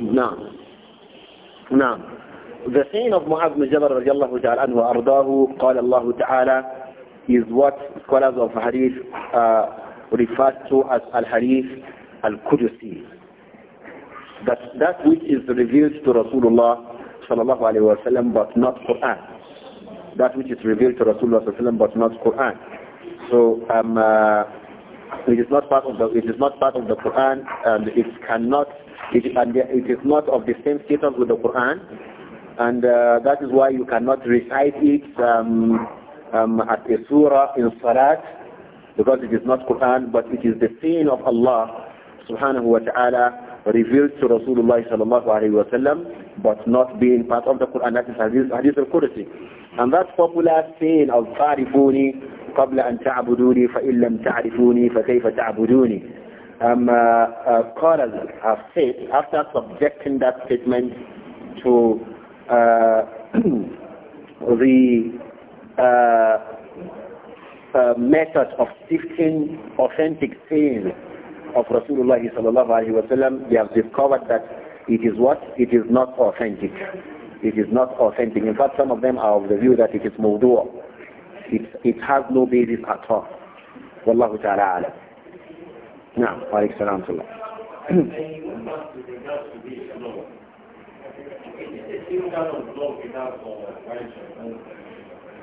نعم نعم The saying of Mu'adh bin Jabal الله تعالى عنه وأرضاه قال الله تعالى is what scholars of hadith uh, referred to as al harif Al-Qudusi. That, that which is revealed to Rasulullah sallallahu alayhi wa sallam but not Quran. That which is revealed to Rasulullah sallallahu alayhi wa sallam but not Quran. So um, uh, it is not part of the it is not part of the Quran and it cannot it, and it is not of the same status with the Quran and uh, that is why you cannot recite it um, um, at a surah in salat because it is not Quran, but it is the saying of Allah subhanahu wa ta'ala revealed to Rasulullah sallallahu alayhi wa sallam, but not being part of the Quran. That is Hadith, hadith al-Qudsi. And that popular saying of تعرفوني قبل أن تعبدوني فإن لم تعرفوني فكيف تعبدوني um, uh, uh, scholars have said, after subjecting that statement to uh, the uh, uh, method of sifting authentic sayings of Rasulullah sallallahu alaihi wasallam, they have discovered that it is what? It is not authentic. It is not authentic. In fact, some of them are of the view that it is mawdu'. It, it has no basis at all. Wallahu ta'ala alam. Now, wa alaykum salam to Allah.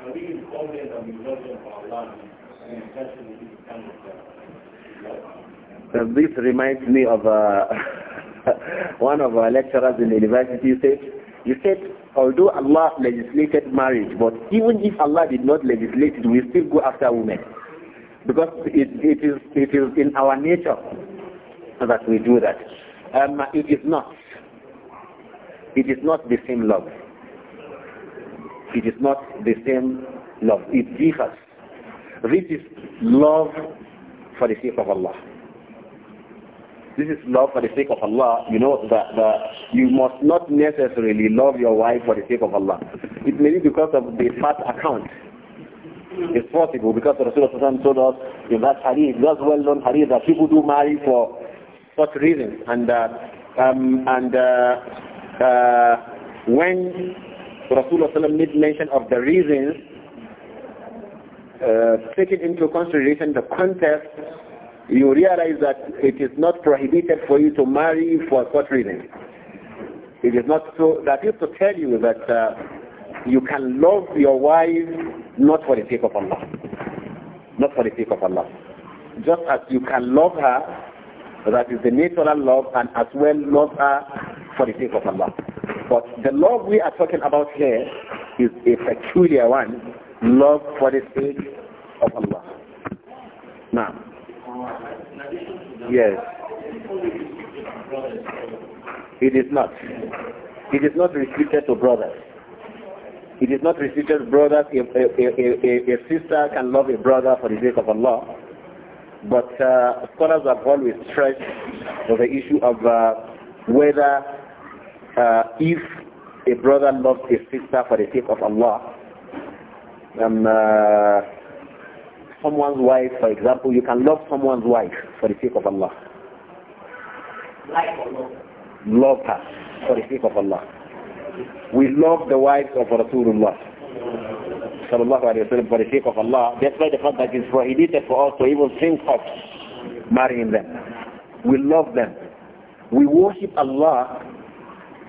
Are we confident the of our land and this kind of this reminds me of uh, one of our lecturers in the university said, he said, although Allah legislated marriage, but even if Allah did not legislate it, we still go after women. Because it, it, is, it is in our nature that we do that. Um, it is not. It is not the same love. It is not the same love. It differs. This is love for the sake of Allah. This is love for the sake of Allah. You know that, that you must not necessarily love your wife for the sake of Allah. It may be because of the fat account. It's possible because Rasulullah told us in that hadith, that's well known hadith that people do marry for such reasons and uh, um, and uh, uh, when Rasulullah Sallam made mention of the reasons uh, taking into consideration the context, you realize that it is not prohibited for you to marry for what reason? It is not so, that is to tell you that uh, you can love your wife not for the sake of Allah. Not for the sake of Allah. Just as you can love her, that is the natural love, and as well love her for the sake of Allah. But the love we are talking about here is a peculiar one, love for the sake of Allah. Now, yes, it is not. It is not restricted to brothers. It is not restricted to brothers. A, a, a, a sister can love a brother for the sake of Allah. But uh, scholars have always stressed the issue of uh, whether uh, if a brother loves his sister for the sake of Allah, um, uh, someone's wife, for example, you can love someone's wife for the sake of Allah. love. her for the sake of Allah. We love the wives of Rasulullah sallallahu for the sake of Allah, That's why the fact that it's prohibited for us to even think of marrying them. We love them. We worship Allah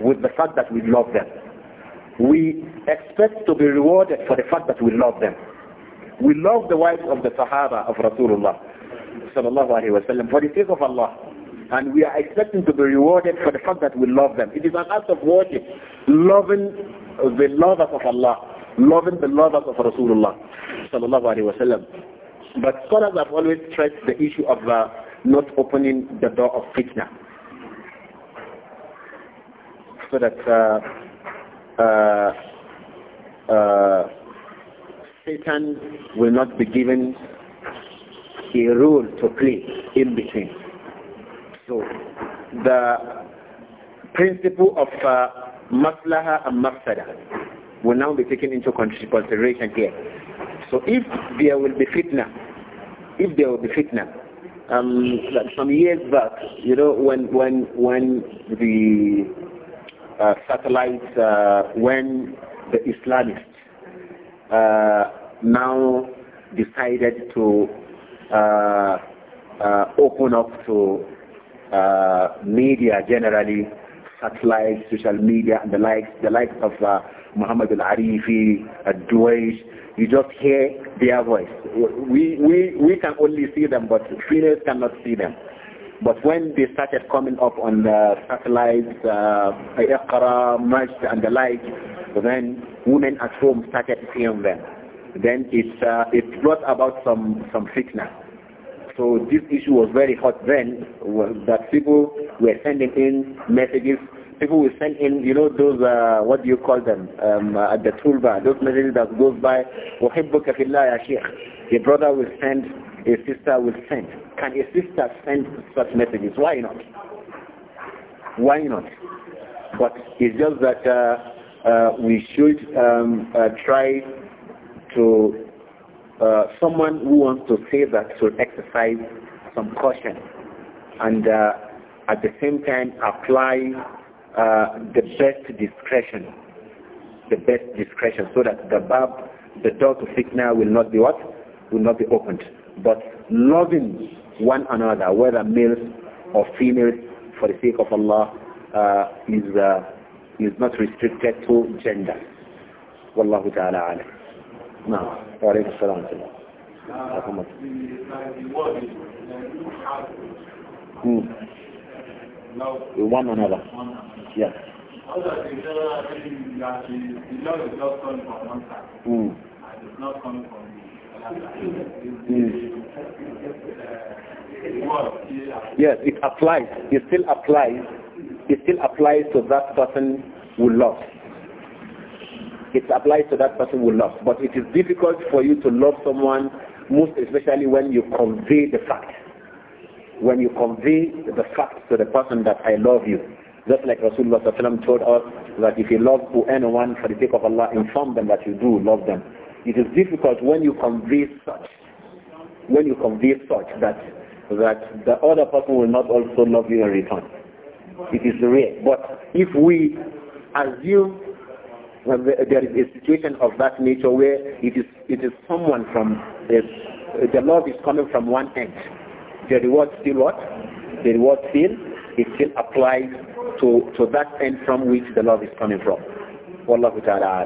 with the fact that we love them. We expect to be rewarded for the fact that we love them. We love the wives of the Sahaba of Rasulullah sallallahu alaihi wasallam for the sake of Allah. And we are expecting to be rewarded for the fact that we love them. It is an act of worship, loving the lovers of Allah, loving the lovers of Rasulullah sallallahu alaihi wasallam. But scholars have always stressed the issue of uh, not opening the door of fitna so that uh, uh, uh, Satan will not be given a role to play in between. So the principle of uh, maslaha and mafsada will now be taken into consideration here. So if there will be fitna, if there will be fitna, um, some years back, you know, when when when the uh, satellites uh, when the Islamists uh, now decided to uh, uh, open up to uh, media generally, satellites, social media, and the likes, the likes of Muhammad al-Arifi, Duwaish. You just hear their voice. We, we, we can only see them, but females cannot see them. But when they started coming up on the satellites, uh, Iqra, Majd and the like, then women at home started seeing them. Then it, uh, it brought about some, some sickness. So this issue was very hot then, that people were sending in messages people were sending, in, you know, those, uh, what do you call them, um, uh, at the toolbar, those messages that goes by, Your brother will send a sister will send. Can a sister send such messages? Why not? Why not? But it's just that uh, uh, we should um, uh, try to, uh, someone who wants to say that should exercise some caution and uh, at the same time apply uh, the best discretion, the best discretion so that the bab, the door to signal will not be what? Will not be opened but loving one another, whether males or females, for the sake of Allah, uh, is uh, is not restricted to gender. Wallahu ta'ala alam. Now, wa alaykum salam wa hmm. One another. Yes. Mm. Hmm. Yes, it applies. It still applies. It still applies to that person who loves. It applies to that person who loves. But it is difficult for you to love someone, most especially when you convey the fact. When you convey the fact to the person that I love you. Just like Rasulullah told us that if you love anyone for the sake of Allah, inform them that you do love them. It is difficult when you convey such, when you convey such that, that the other person will not also love you in return. It is rare. But if we assume there is a situation of that nature where it is it is someone from the love is coming from one end. The reward still what? The reward still it still applies to to that end from which the love is coming from. Wallahu ta'ala.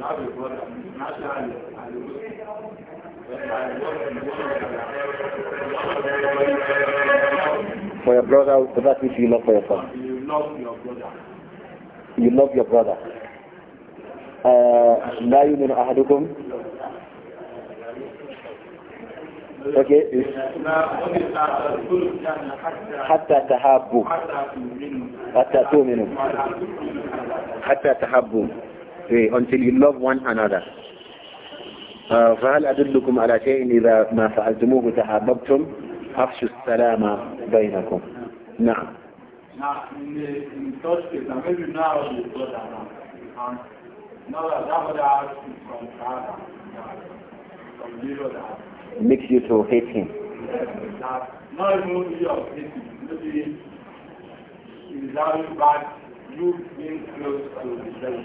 For your brother, for that which you love for yourself. You love your brother. You love your brother. لا يؤمن أحدكم حتى تحابوا حتى تؤمنوا حتى تحابوا way until you love one another. Uh, فهل أدلكم على شيء إذا ما فعلتموه تحاببتم أفشوا السلام بينكم نعم Now, in the, in the church case, now maybe now the brother now, and now that that brother has from Father, from Jesus, makes you to hate him. Not even you are hating, maybe is that bad, you being close to the devil.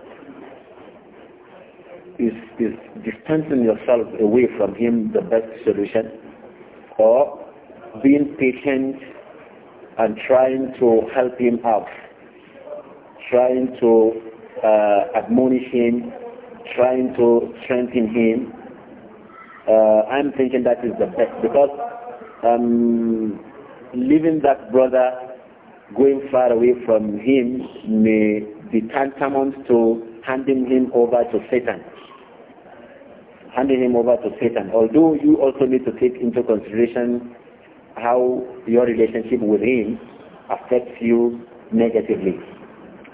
is, is distancing yourself away from him the best solution? Or being patient and trying to help him out, trying to uh, admonish him, trying to strengthen him. Uh, I'm thinking that is the best because um, leaving that brother, going far away from him may be tantamount to handing him over to Satan handing him over to Satan, although you also need to take into consideration how your relationship with him affects you negatively.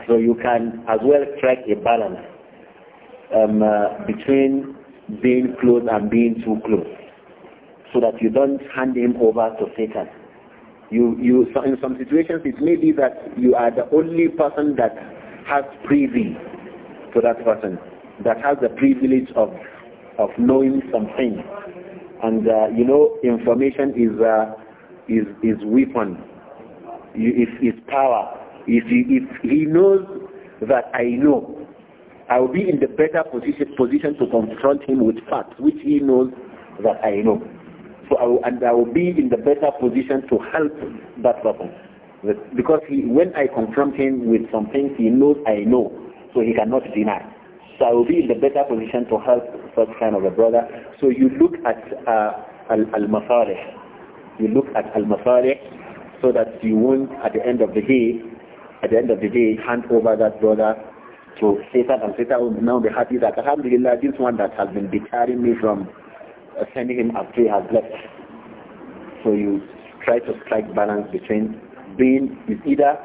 So you can as well strike a balance um, uh, between being close and being too close so that you don't hand him over to Satan. You, you, so in some situations, it may be that you are the only person that has privy to that person, that has the privilege of of knowing something. And uh, you know, information is uh, is is weapon. It is power. If he, if he knows that I know, I will be in the better position position to confront him with facts, which he knows that I know. So I will, and I will be in the better position to help that person. Because he, when I confront him with something he knows I know, so he cannot deny. So I will be in the better position to help such kind of a brother. So you look at uh, al-masalih. you look at al-masalih so that you won't, at the end of the day, at the end of the day, hand over that brother to Satan, and Satan will now be happy that Alhamdulillah, this one that has been deterring me from uh, sending him astray has left. So you try to strike balance between being is either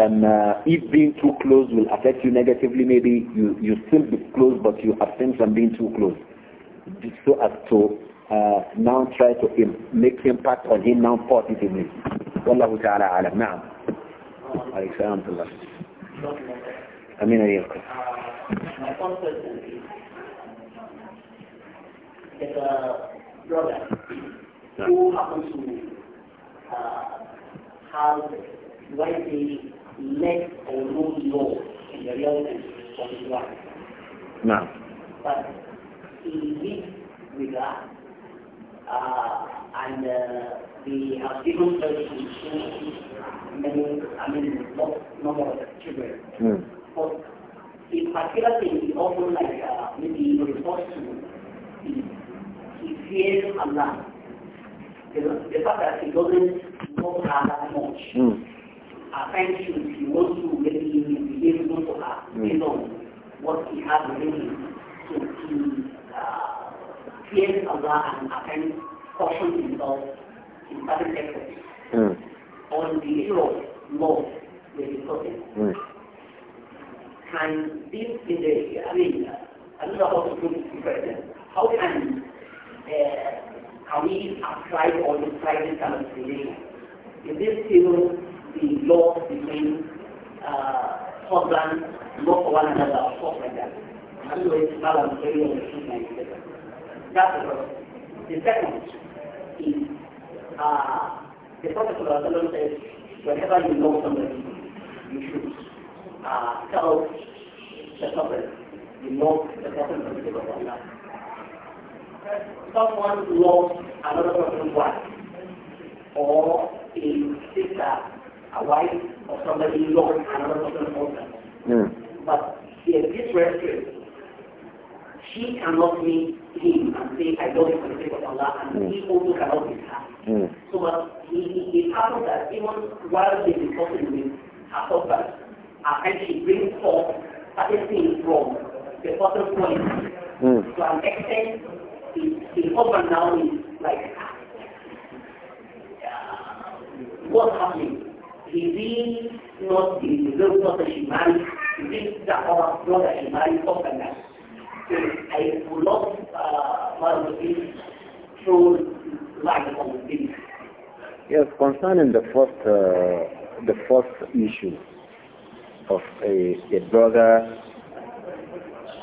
um, uh, if being too close will affect you negatively, maybe you, you still be close, but you abstain from being too close, so as to uh, now try to Im- make impact on him now positively. Wallahu ta'ala alam. Na'am. Alayhi salam Amin alaykum. who happens to uh, have white let or no law in the real sense of Islam. No. But he lives with us uh, and uh, we have given birth to many, I mean, not number of children. Mm. But in particular thing, we often like uh, maybe refers to he, he fears Allah. The, the fact that he doesn't know Allah much. Mm offend you if he wants to, maybe he will be able to have, you know, what he has within him. So he uh, fears Allah and offends, cautions himself in certain aspects. Mm. On the issue of love, we're discussing. Mm. Can this in the, I mean, uh, I don't know how to put this question. How can, uh, can we apply or describe this kind of relation? Is this still the law between uh, husband, love for one another, or stuff like that. And so it's balance very well between That's the first. The second is uh, the Prophet says, whenever you know somebody, you should uh, tell the Prophet, you know the person that you love. Someone loves another person's wife or a sister a wife of somebody you love, another person loves mm. But in this reference, she cannot meet him and say, I love him for the sake of Allah, and mm. he also cannot meet her. Mm. So but it, it happens that even while they discussing with her husband, uh, and she brings forth certain things from the person's point. Mm. To an extent, the, the husband now is like, ah, what's happening? disease not the disease not the shimali, disease that was not the shimali coconut. I will not uh, follow this through light on this. Yes, concerning the first uh, the first issue of a, a brother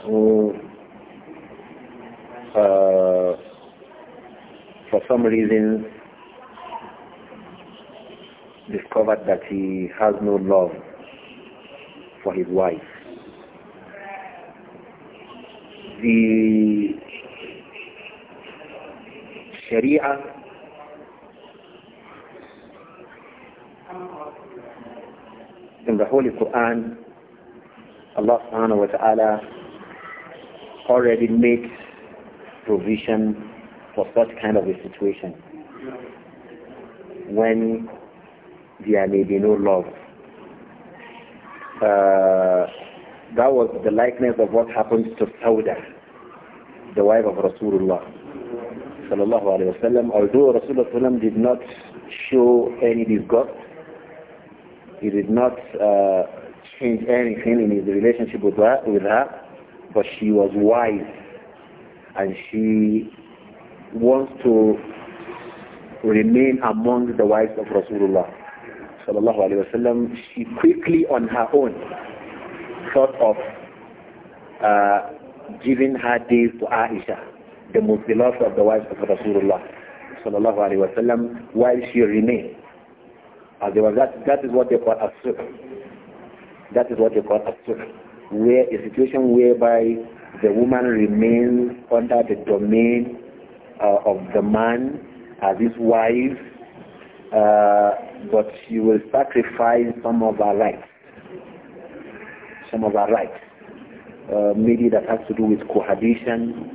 who uh, for some reasons discovered that he has no love for his wife. The Sharia in the Holy Quran, Allah subhanahu wa ta'ala already makes provision for such kind of a situation when there may be no love. Uh, that was the likeness of what happened to Sauda, the wife of Rasulullah sallallahu alaihi wasallam. Although Rasulullah did not show any disgust, he did not uh, change anything in his relationship with her, with her, but she was wise and she wants to remain among the wives of Rasulullah sallallahu alaihi wasallam, she quickly on her own thought of uh, giving her days to Aisha, the most beloved of the wives of Rasulullah sallallahu alaihi wasallam, while she remained. Uh, was, that, that is what they call asur. That is what they call asur, where a situation whereby the woman remains under the domain uh, of the man as uh, his wife uh, but you will sacrifice some of our rights. Some of our rights. Uh, maybe that has to do with cohabitation,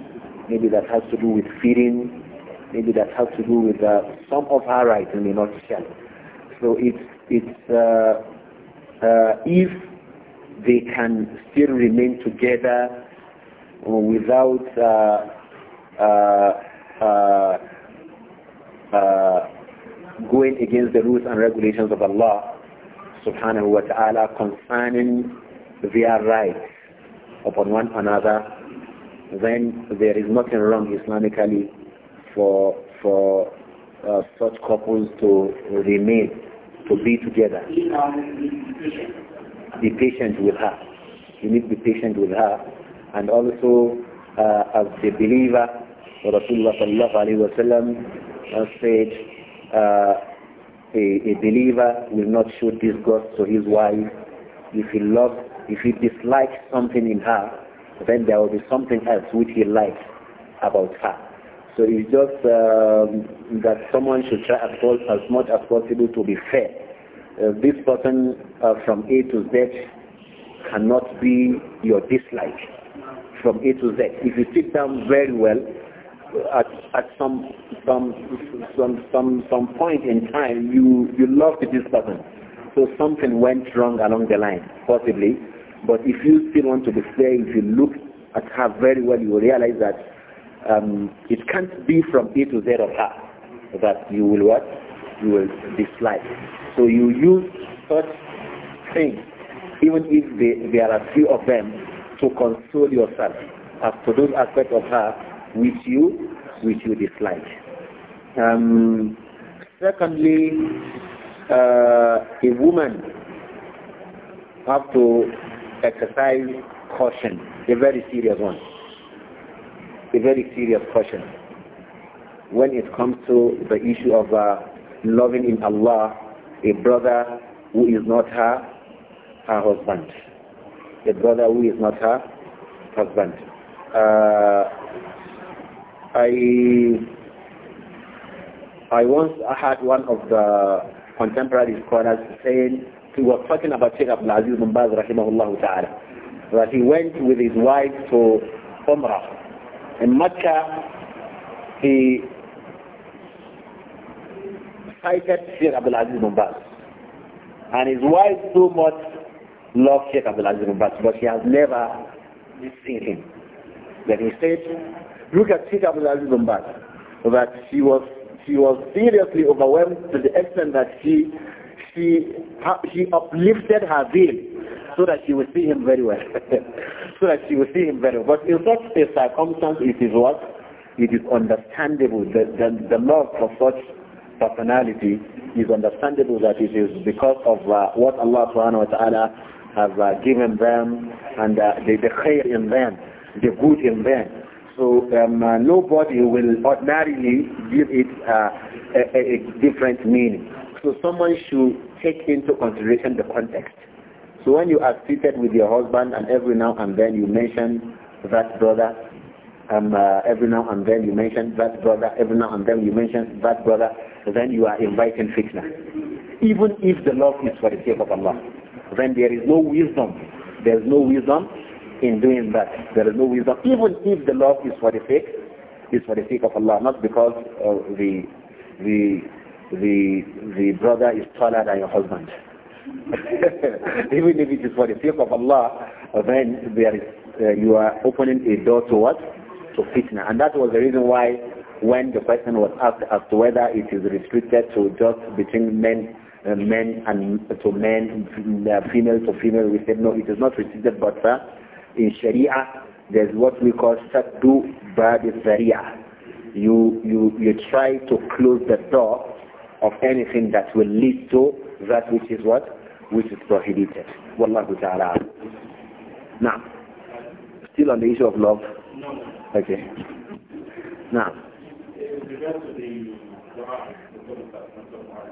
maybe that has to do with feeding, maybe that has to do with uh, some of our rights in the not share. So it's, it's uh, uh, if they can still remain together without uh, uh, uh, going against the rules and regulations of Allah subhanahu wa ta'ala concerning their rights upon one another, then there is nothing wrong Islamically for, for uh, such couples to remain, to be together. Be patient with her. You need to be patient with her. And also, uh, as the believer, Rasulullah sallallahu alayhi wa sallam uh, said, uh, a, a believer will not show disgust to his wife. If he loves, if he dislikes something in her, then there will be something else which he likes about her. So it's just um, that someone should try as, well, as much as possible to be fair. Uh, this person uh, from A to Z cannot be your dislike from A to Z. If you sit down very well at at some some some some some point in time you you loved this person, so something went wrong along the line, possibly. But if you still want to be fair, if you look at her very well, you will realize that um, it can't be from A to Z of her that you will what you will dislike. So you use such things, even if they, there are a few of them, to console yourself as to those aspects of her which you which you dislike. Um, secondly, uh, a woman have to exercise caution, a very serious one, a very serious caution when it comes to the issue of uh, loving in Allah a brother who is not her her husband, a brother who is not her husband. Uh, I I once had one of the contemporary scholars saying he was talking about Sheikh Abdul Aziz bin Baz rahimahullah ta'ala that he went with his wife to Umrah. In Mecca he cited Sheikh Abdul Aziz bin Baz and his wife so much loved Sheikh Abdul Aziz bin Baz but she has never seen him. Then he said Look at Sheikh Abdul Aziz Mbarak, that she was she was seriously overwhelmed to the extent that she she she uplifted her veil so that she would see him very well. so that she would see him very well. But in such a circumstance, it is what? It is understandable. The, the, the love for such personality is understandable that it is because of uh, what Allah subhanahu wa ta'ala have uh, given them and uh, the, the khair in them, the good in them. So um, uh, nobody will ordinarily give it uh, a, a, different meaning. So someone should take into consideration the context. So when you are seated with your husband and every now and then you mention that brother, um, uh, every now and then you mention that brother, every now and then you mention that brother, then you are inviting fitna. Even if the love is for the sake of Allah, then there is no wisdom. There is no wisdom in doing that. There is no wisdom, even if the love is for the sake, is for the sake of Allah, not because uh, the, the, the, the brother is taller than your husband. even if it is for the sake of Allah, then there is, uh, you are opening a door to what? To fitna. And that was the reason why when the question was asked as to whether it is restricted to just between men uh, men and to men, uh, female to female, we said no, it is not restricted, but uh, in Sharia, there's what we call saddu bab sharia. You, you, you try to close the door of anything that will lead to that which is what? Which is prohibited. Wallahu ta'ala. Now, still on the issue of love? No. Okay. Now.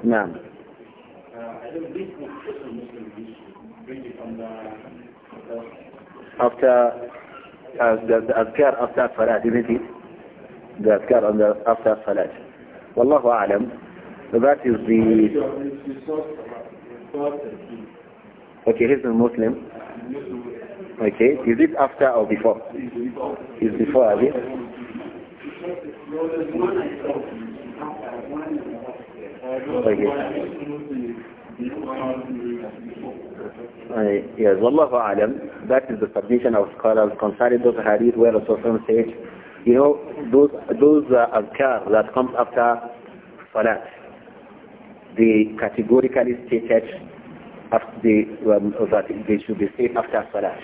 Now. Uh, I don't think Muslim brings it from the after as the, the adhkar after salat, isn't it? The adhkar on the, after salat. Wallahu a'lam. So that is the... Okay, he's a Muslim. Okay, is it after or before? Is before, is it? Okay uh, yes, Wallahu Alam, that is the submission of scholars concerning those hadith where Rasulullah said, you know, those, those uh, azkar that comes after salat, they categorically stated after the, um, that they should be said after salat.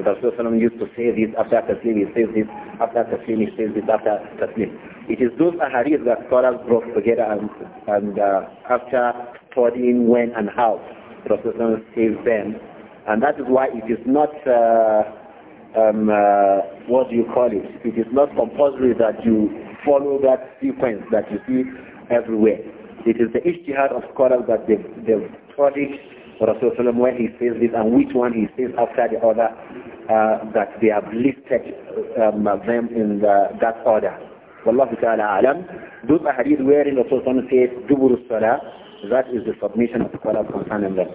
Rasulullah used to say this after taslim, he says this after taslim, he says this after taslim. It is those ahadith that scholars brought together and, and uh, after studying when and how Rasulullah says them and that is why it is not, uh, um, uh, what do you call it? It is not compulsory that you follow that sequence that you see everywhere. It is the ijtihad of scholars that they've, they've studied Rasulullah when he says this and which one he says after the other uh, that they have listed um, them in the, that order. Wallahu ta'ala alam. Those are hadith wherein Rasulullah says dubur salah, that is the submission of scholars concerning them.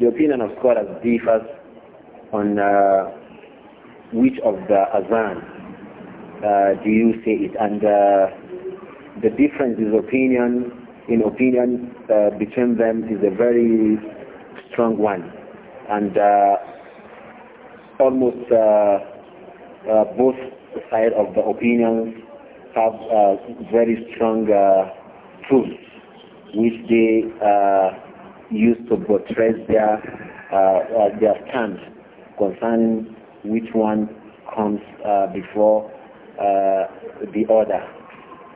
The opinion of scholars differs on uh, which of the azan uh, do you say it, and uh, the difference is opinion in opinion uh, between them is a very strong one, and uh, almost uh, both sides of the opinions have very strong proofs which they used to buttress their uh, uh, their stance concerning which one comes uh, before uh, the other.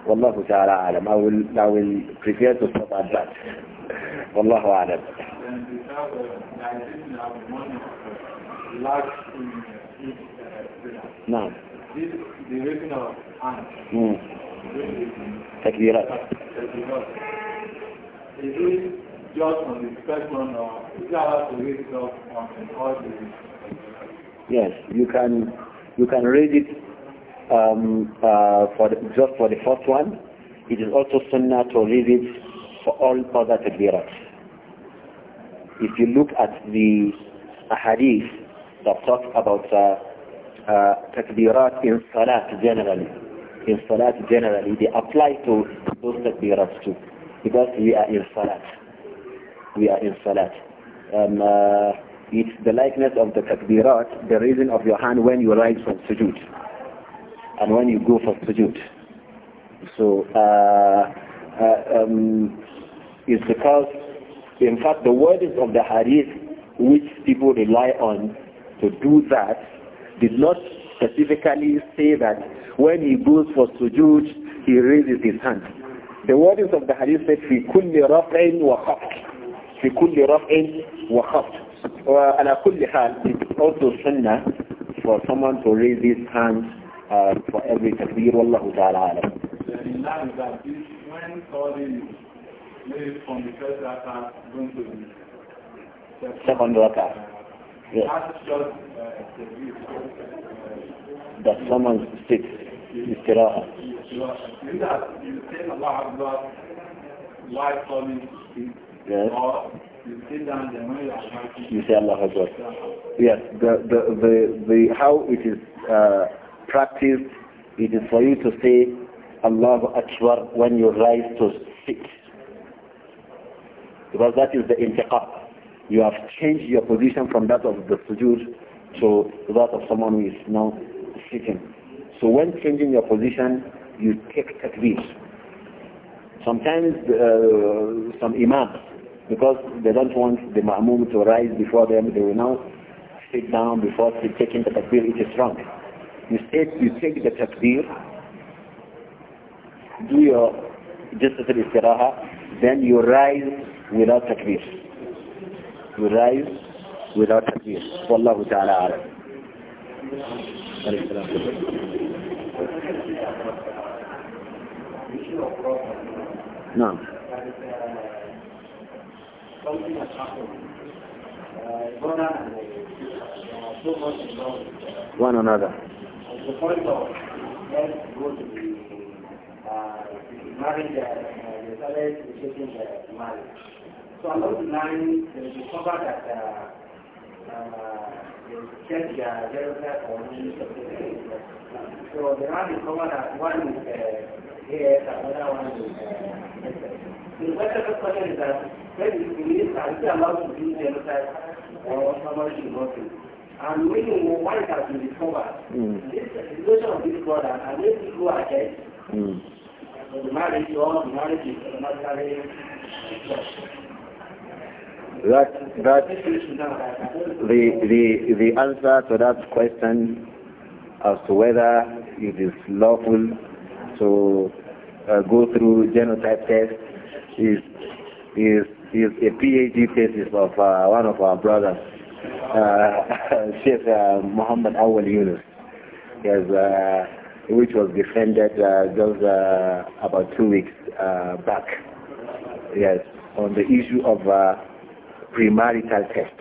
Wallahu ta'ala alam. I will, I will prepare to stop at that. Wallahu alam. No. This, the just the question of uh, is to raise up on all the Yes, you can you can raise it um, uh, for the, just for the first one. It is also sunnah to raise it for all other takbirat. If you look at the hadith that talks about uh, uh, takbirat in salat generally, in salat generally, they apply to those takbirat too, because we are in salat we are in salat. Um, uh, it's the likeness of the takbirat, the raising of your hand when you rise from sujood and when you go for sujood. So uh, uh, um, it's because, in fact, the words of the hadith which people rely on to do that did not specifically say that when he goes for sujood, he raises his hand. The words of the hadith said, "Fi كل رفع وخفض في كل رفع وخفض وعلى كل حال it's also sunnah for someone to raise his hands uh, for every تكبير والله تعالى عالم second rakah that someone sits استراحة الله أكبر الله Yes. You say Allah Akbar. Yes, the, the, the, the, how it is uh, practiced, it is for you to say Allah Akbar when you rise to sit. Because that is the intiqab. You have changed your position from that of the sujood to that of someone who is now sitting. So when changing your position, you take takbir. Sometimes uh, some imams, because they don't want the ma'mum to rise before them. They will now sit down before taking the takbir. It is wrong. You, you take the takbir, do your justice al-istiraha, then you rise without takbir. You rise without takbir. Wallahu ta'ala alam. No something has happened. Uh, one another. the point of let's go to the marriage, uh, the salary uh, the marriage. So that uh, uh, check the verifier for me. So the one is common as one is uh, AS, another one is uh, The second question is that when you believe that you are allowed to do genocide or somebody should not do. And when you why it has been discovered, mm. this situation of this brother and when people are dead, mm. the marriage or the marriage is not marriage. that that the the the answer to that question as to whether it is lawful to uh, go through genotype test is is is a PhD thesis of uh, one of our brothers, uh, Sheikh uh, Muhammad Awal Yunus, yes, uh, which was defended uh, just uh, about two weeks back. Yes, on the issue of premarital test.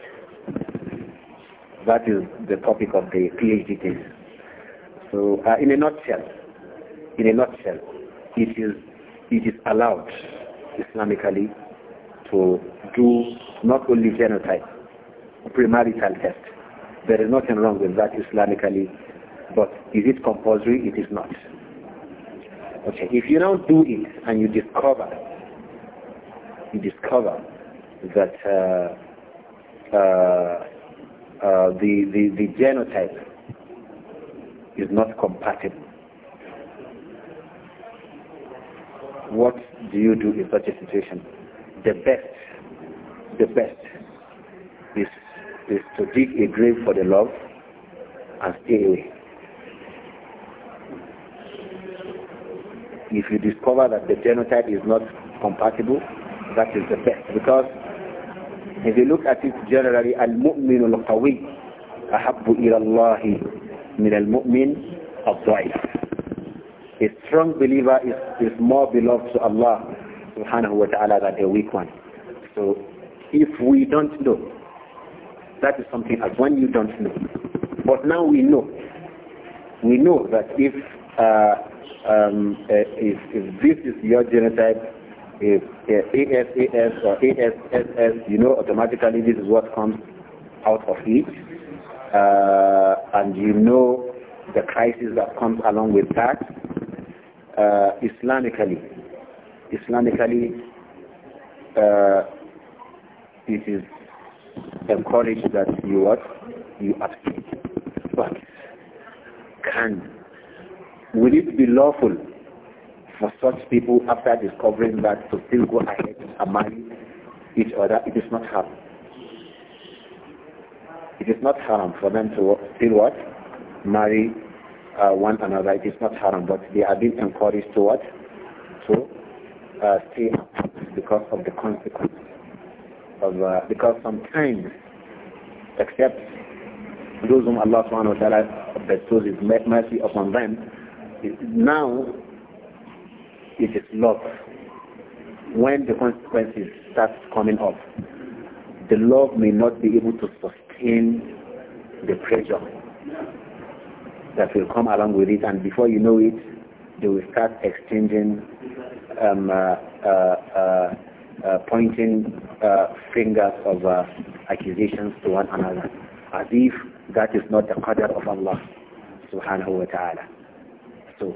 That is the topic of the PhD thesis. So, uh, in a nutshell, in a nutshell, it is it is allowed Islamically to do not only genotype, premarital test. There is nothing wrong with that Islamically, but is it compulsory? It is not. Okay, if you don't do it and you discover, you discover that uh, uh, uh, the, the, the genotype is not compatible. What do you do in such a situation? The best, the best is, is to dig a grave for the love and stay away. If you discover that the genotype is not compatible, that is the best because if you look at it generally, al-mu'min al-qawi ahabbu ila Allah min al-mu'min al-da'if. A strong believer is, is more beloved to Allah subhanahu wa ta'ala than a weak one. So if we don't know, that is something else, when you don't know. But now we know. We know that if, uh, um, uh, if, if this is your genotype, is eh, ASAS or ASSS, you know automatically this is what comes out of it. Uh, and you know the crisis that comes along with that. Uh, Islamically, Islamically, uh, it is encouraged that you what you abstain. But can will it be lawful for such people after discovering that to still go ahead and marry each other, it is not harm. It is not harm for them to still what? Marry uh, one another. It is not harm, but they are being encouraged to what? To uh, stay because of the consequence. Of, uh, because sometimes, except those whom Allah subhanahu wa ta'ala bestows his mercy upon them, now it's love, when the consequences start coming up, the love may not be able to sustain the pressure that will come along with it, and before you know it, they will start exchanging, um, uh, uh, uh, uh pointing uh, fingers of uh, accusations to one another, as if that is not the qadr of Allah subhanahu wa ta'ala. So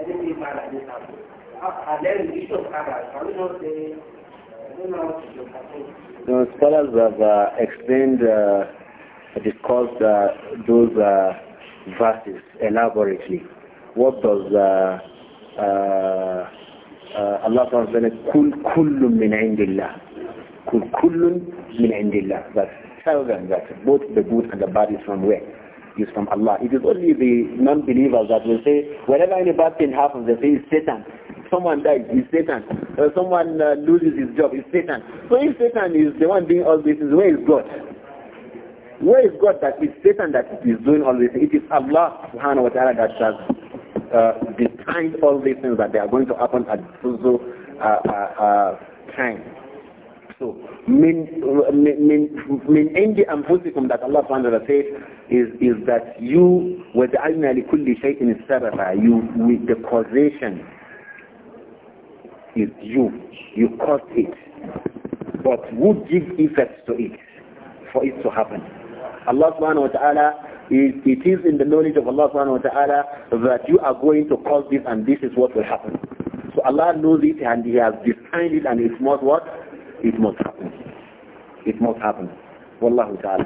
anything bad like this happen. And then the issue of Kaaba, can we not say, no, scholars have uh, explained, uh, discussed uh, those uh, verses elaborately. What does uh, uh, uh Allah SWT kul kullun min indillah. Kul kullun min indillah. That tell them that both the good and the bad is from where? is from Allah. It is only the non-believers that will say, "Whatever any bad thing happens, they say it's Satan. Someone dies, it's Satan. Or uh, someone uh, loses his job, it's Satan. So if Satan is the one doing all this, things, where is God? Where is God that it's Satan that is doing all this? It is Allah subhanahu wa ta'ala that has uh, designed all these things that they are going to happen at Suzu uh, uh, uh, time so. Min, min, min indi anfusikum that Allah subhanahu wa ta'ala says is, is that you, وَجَعَلْنَا لِكُلِّ شَيْءٍ سَبَبًا You, with the causation is you. You caused it. But who give effect to it for it to happen? Allah subhanahu wa ta'ala it, it is in the knowledge of Allah subhanahu wa ta'ala that you are going to cause this and this is what will happen. So Allah knows it and He has designed it and it's not what? it must happen. It must happen. Wallahu ta'ala.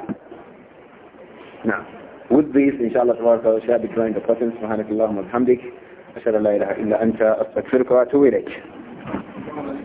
Now, with this, inshallah, tomorrow we shall be drawing the curtains. Subhanakallahumma alhamdik. أشهد أن لا إله Anta أنت أستغفرك وأتوب إليك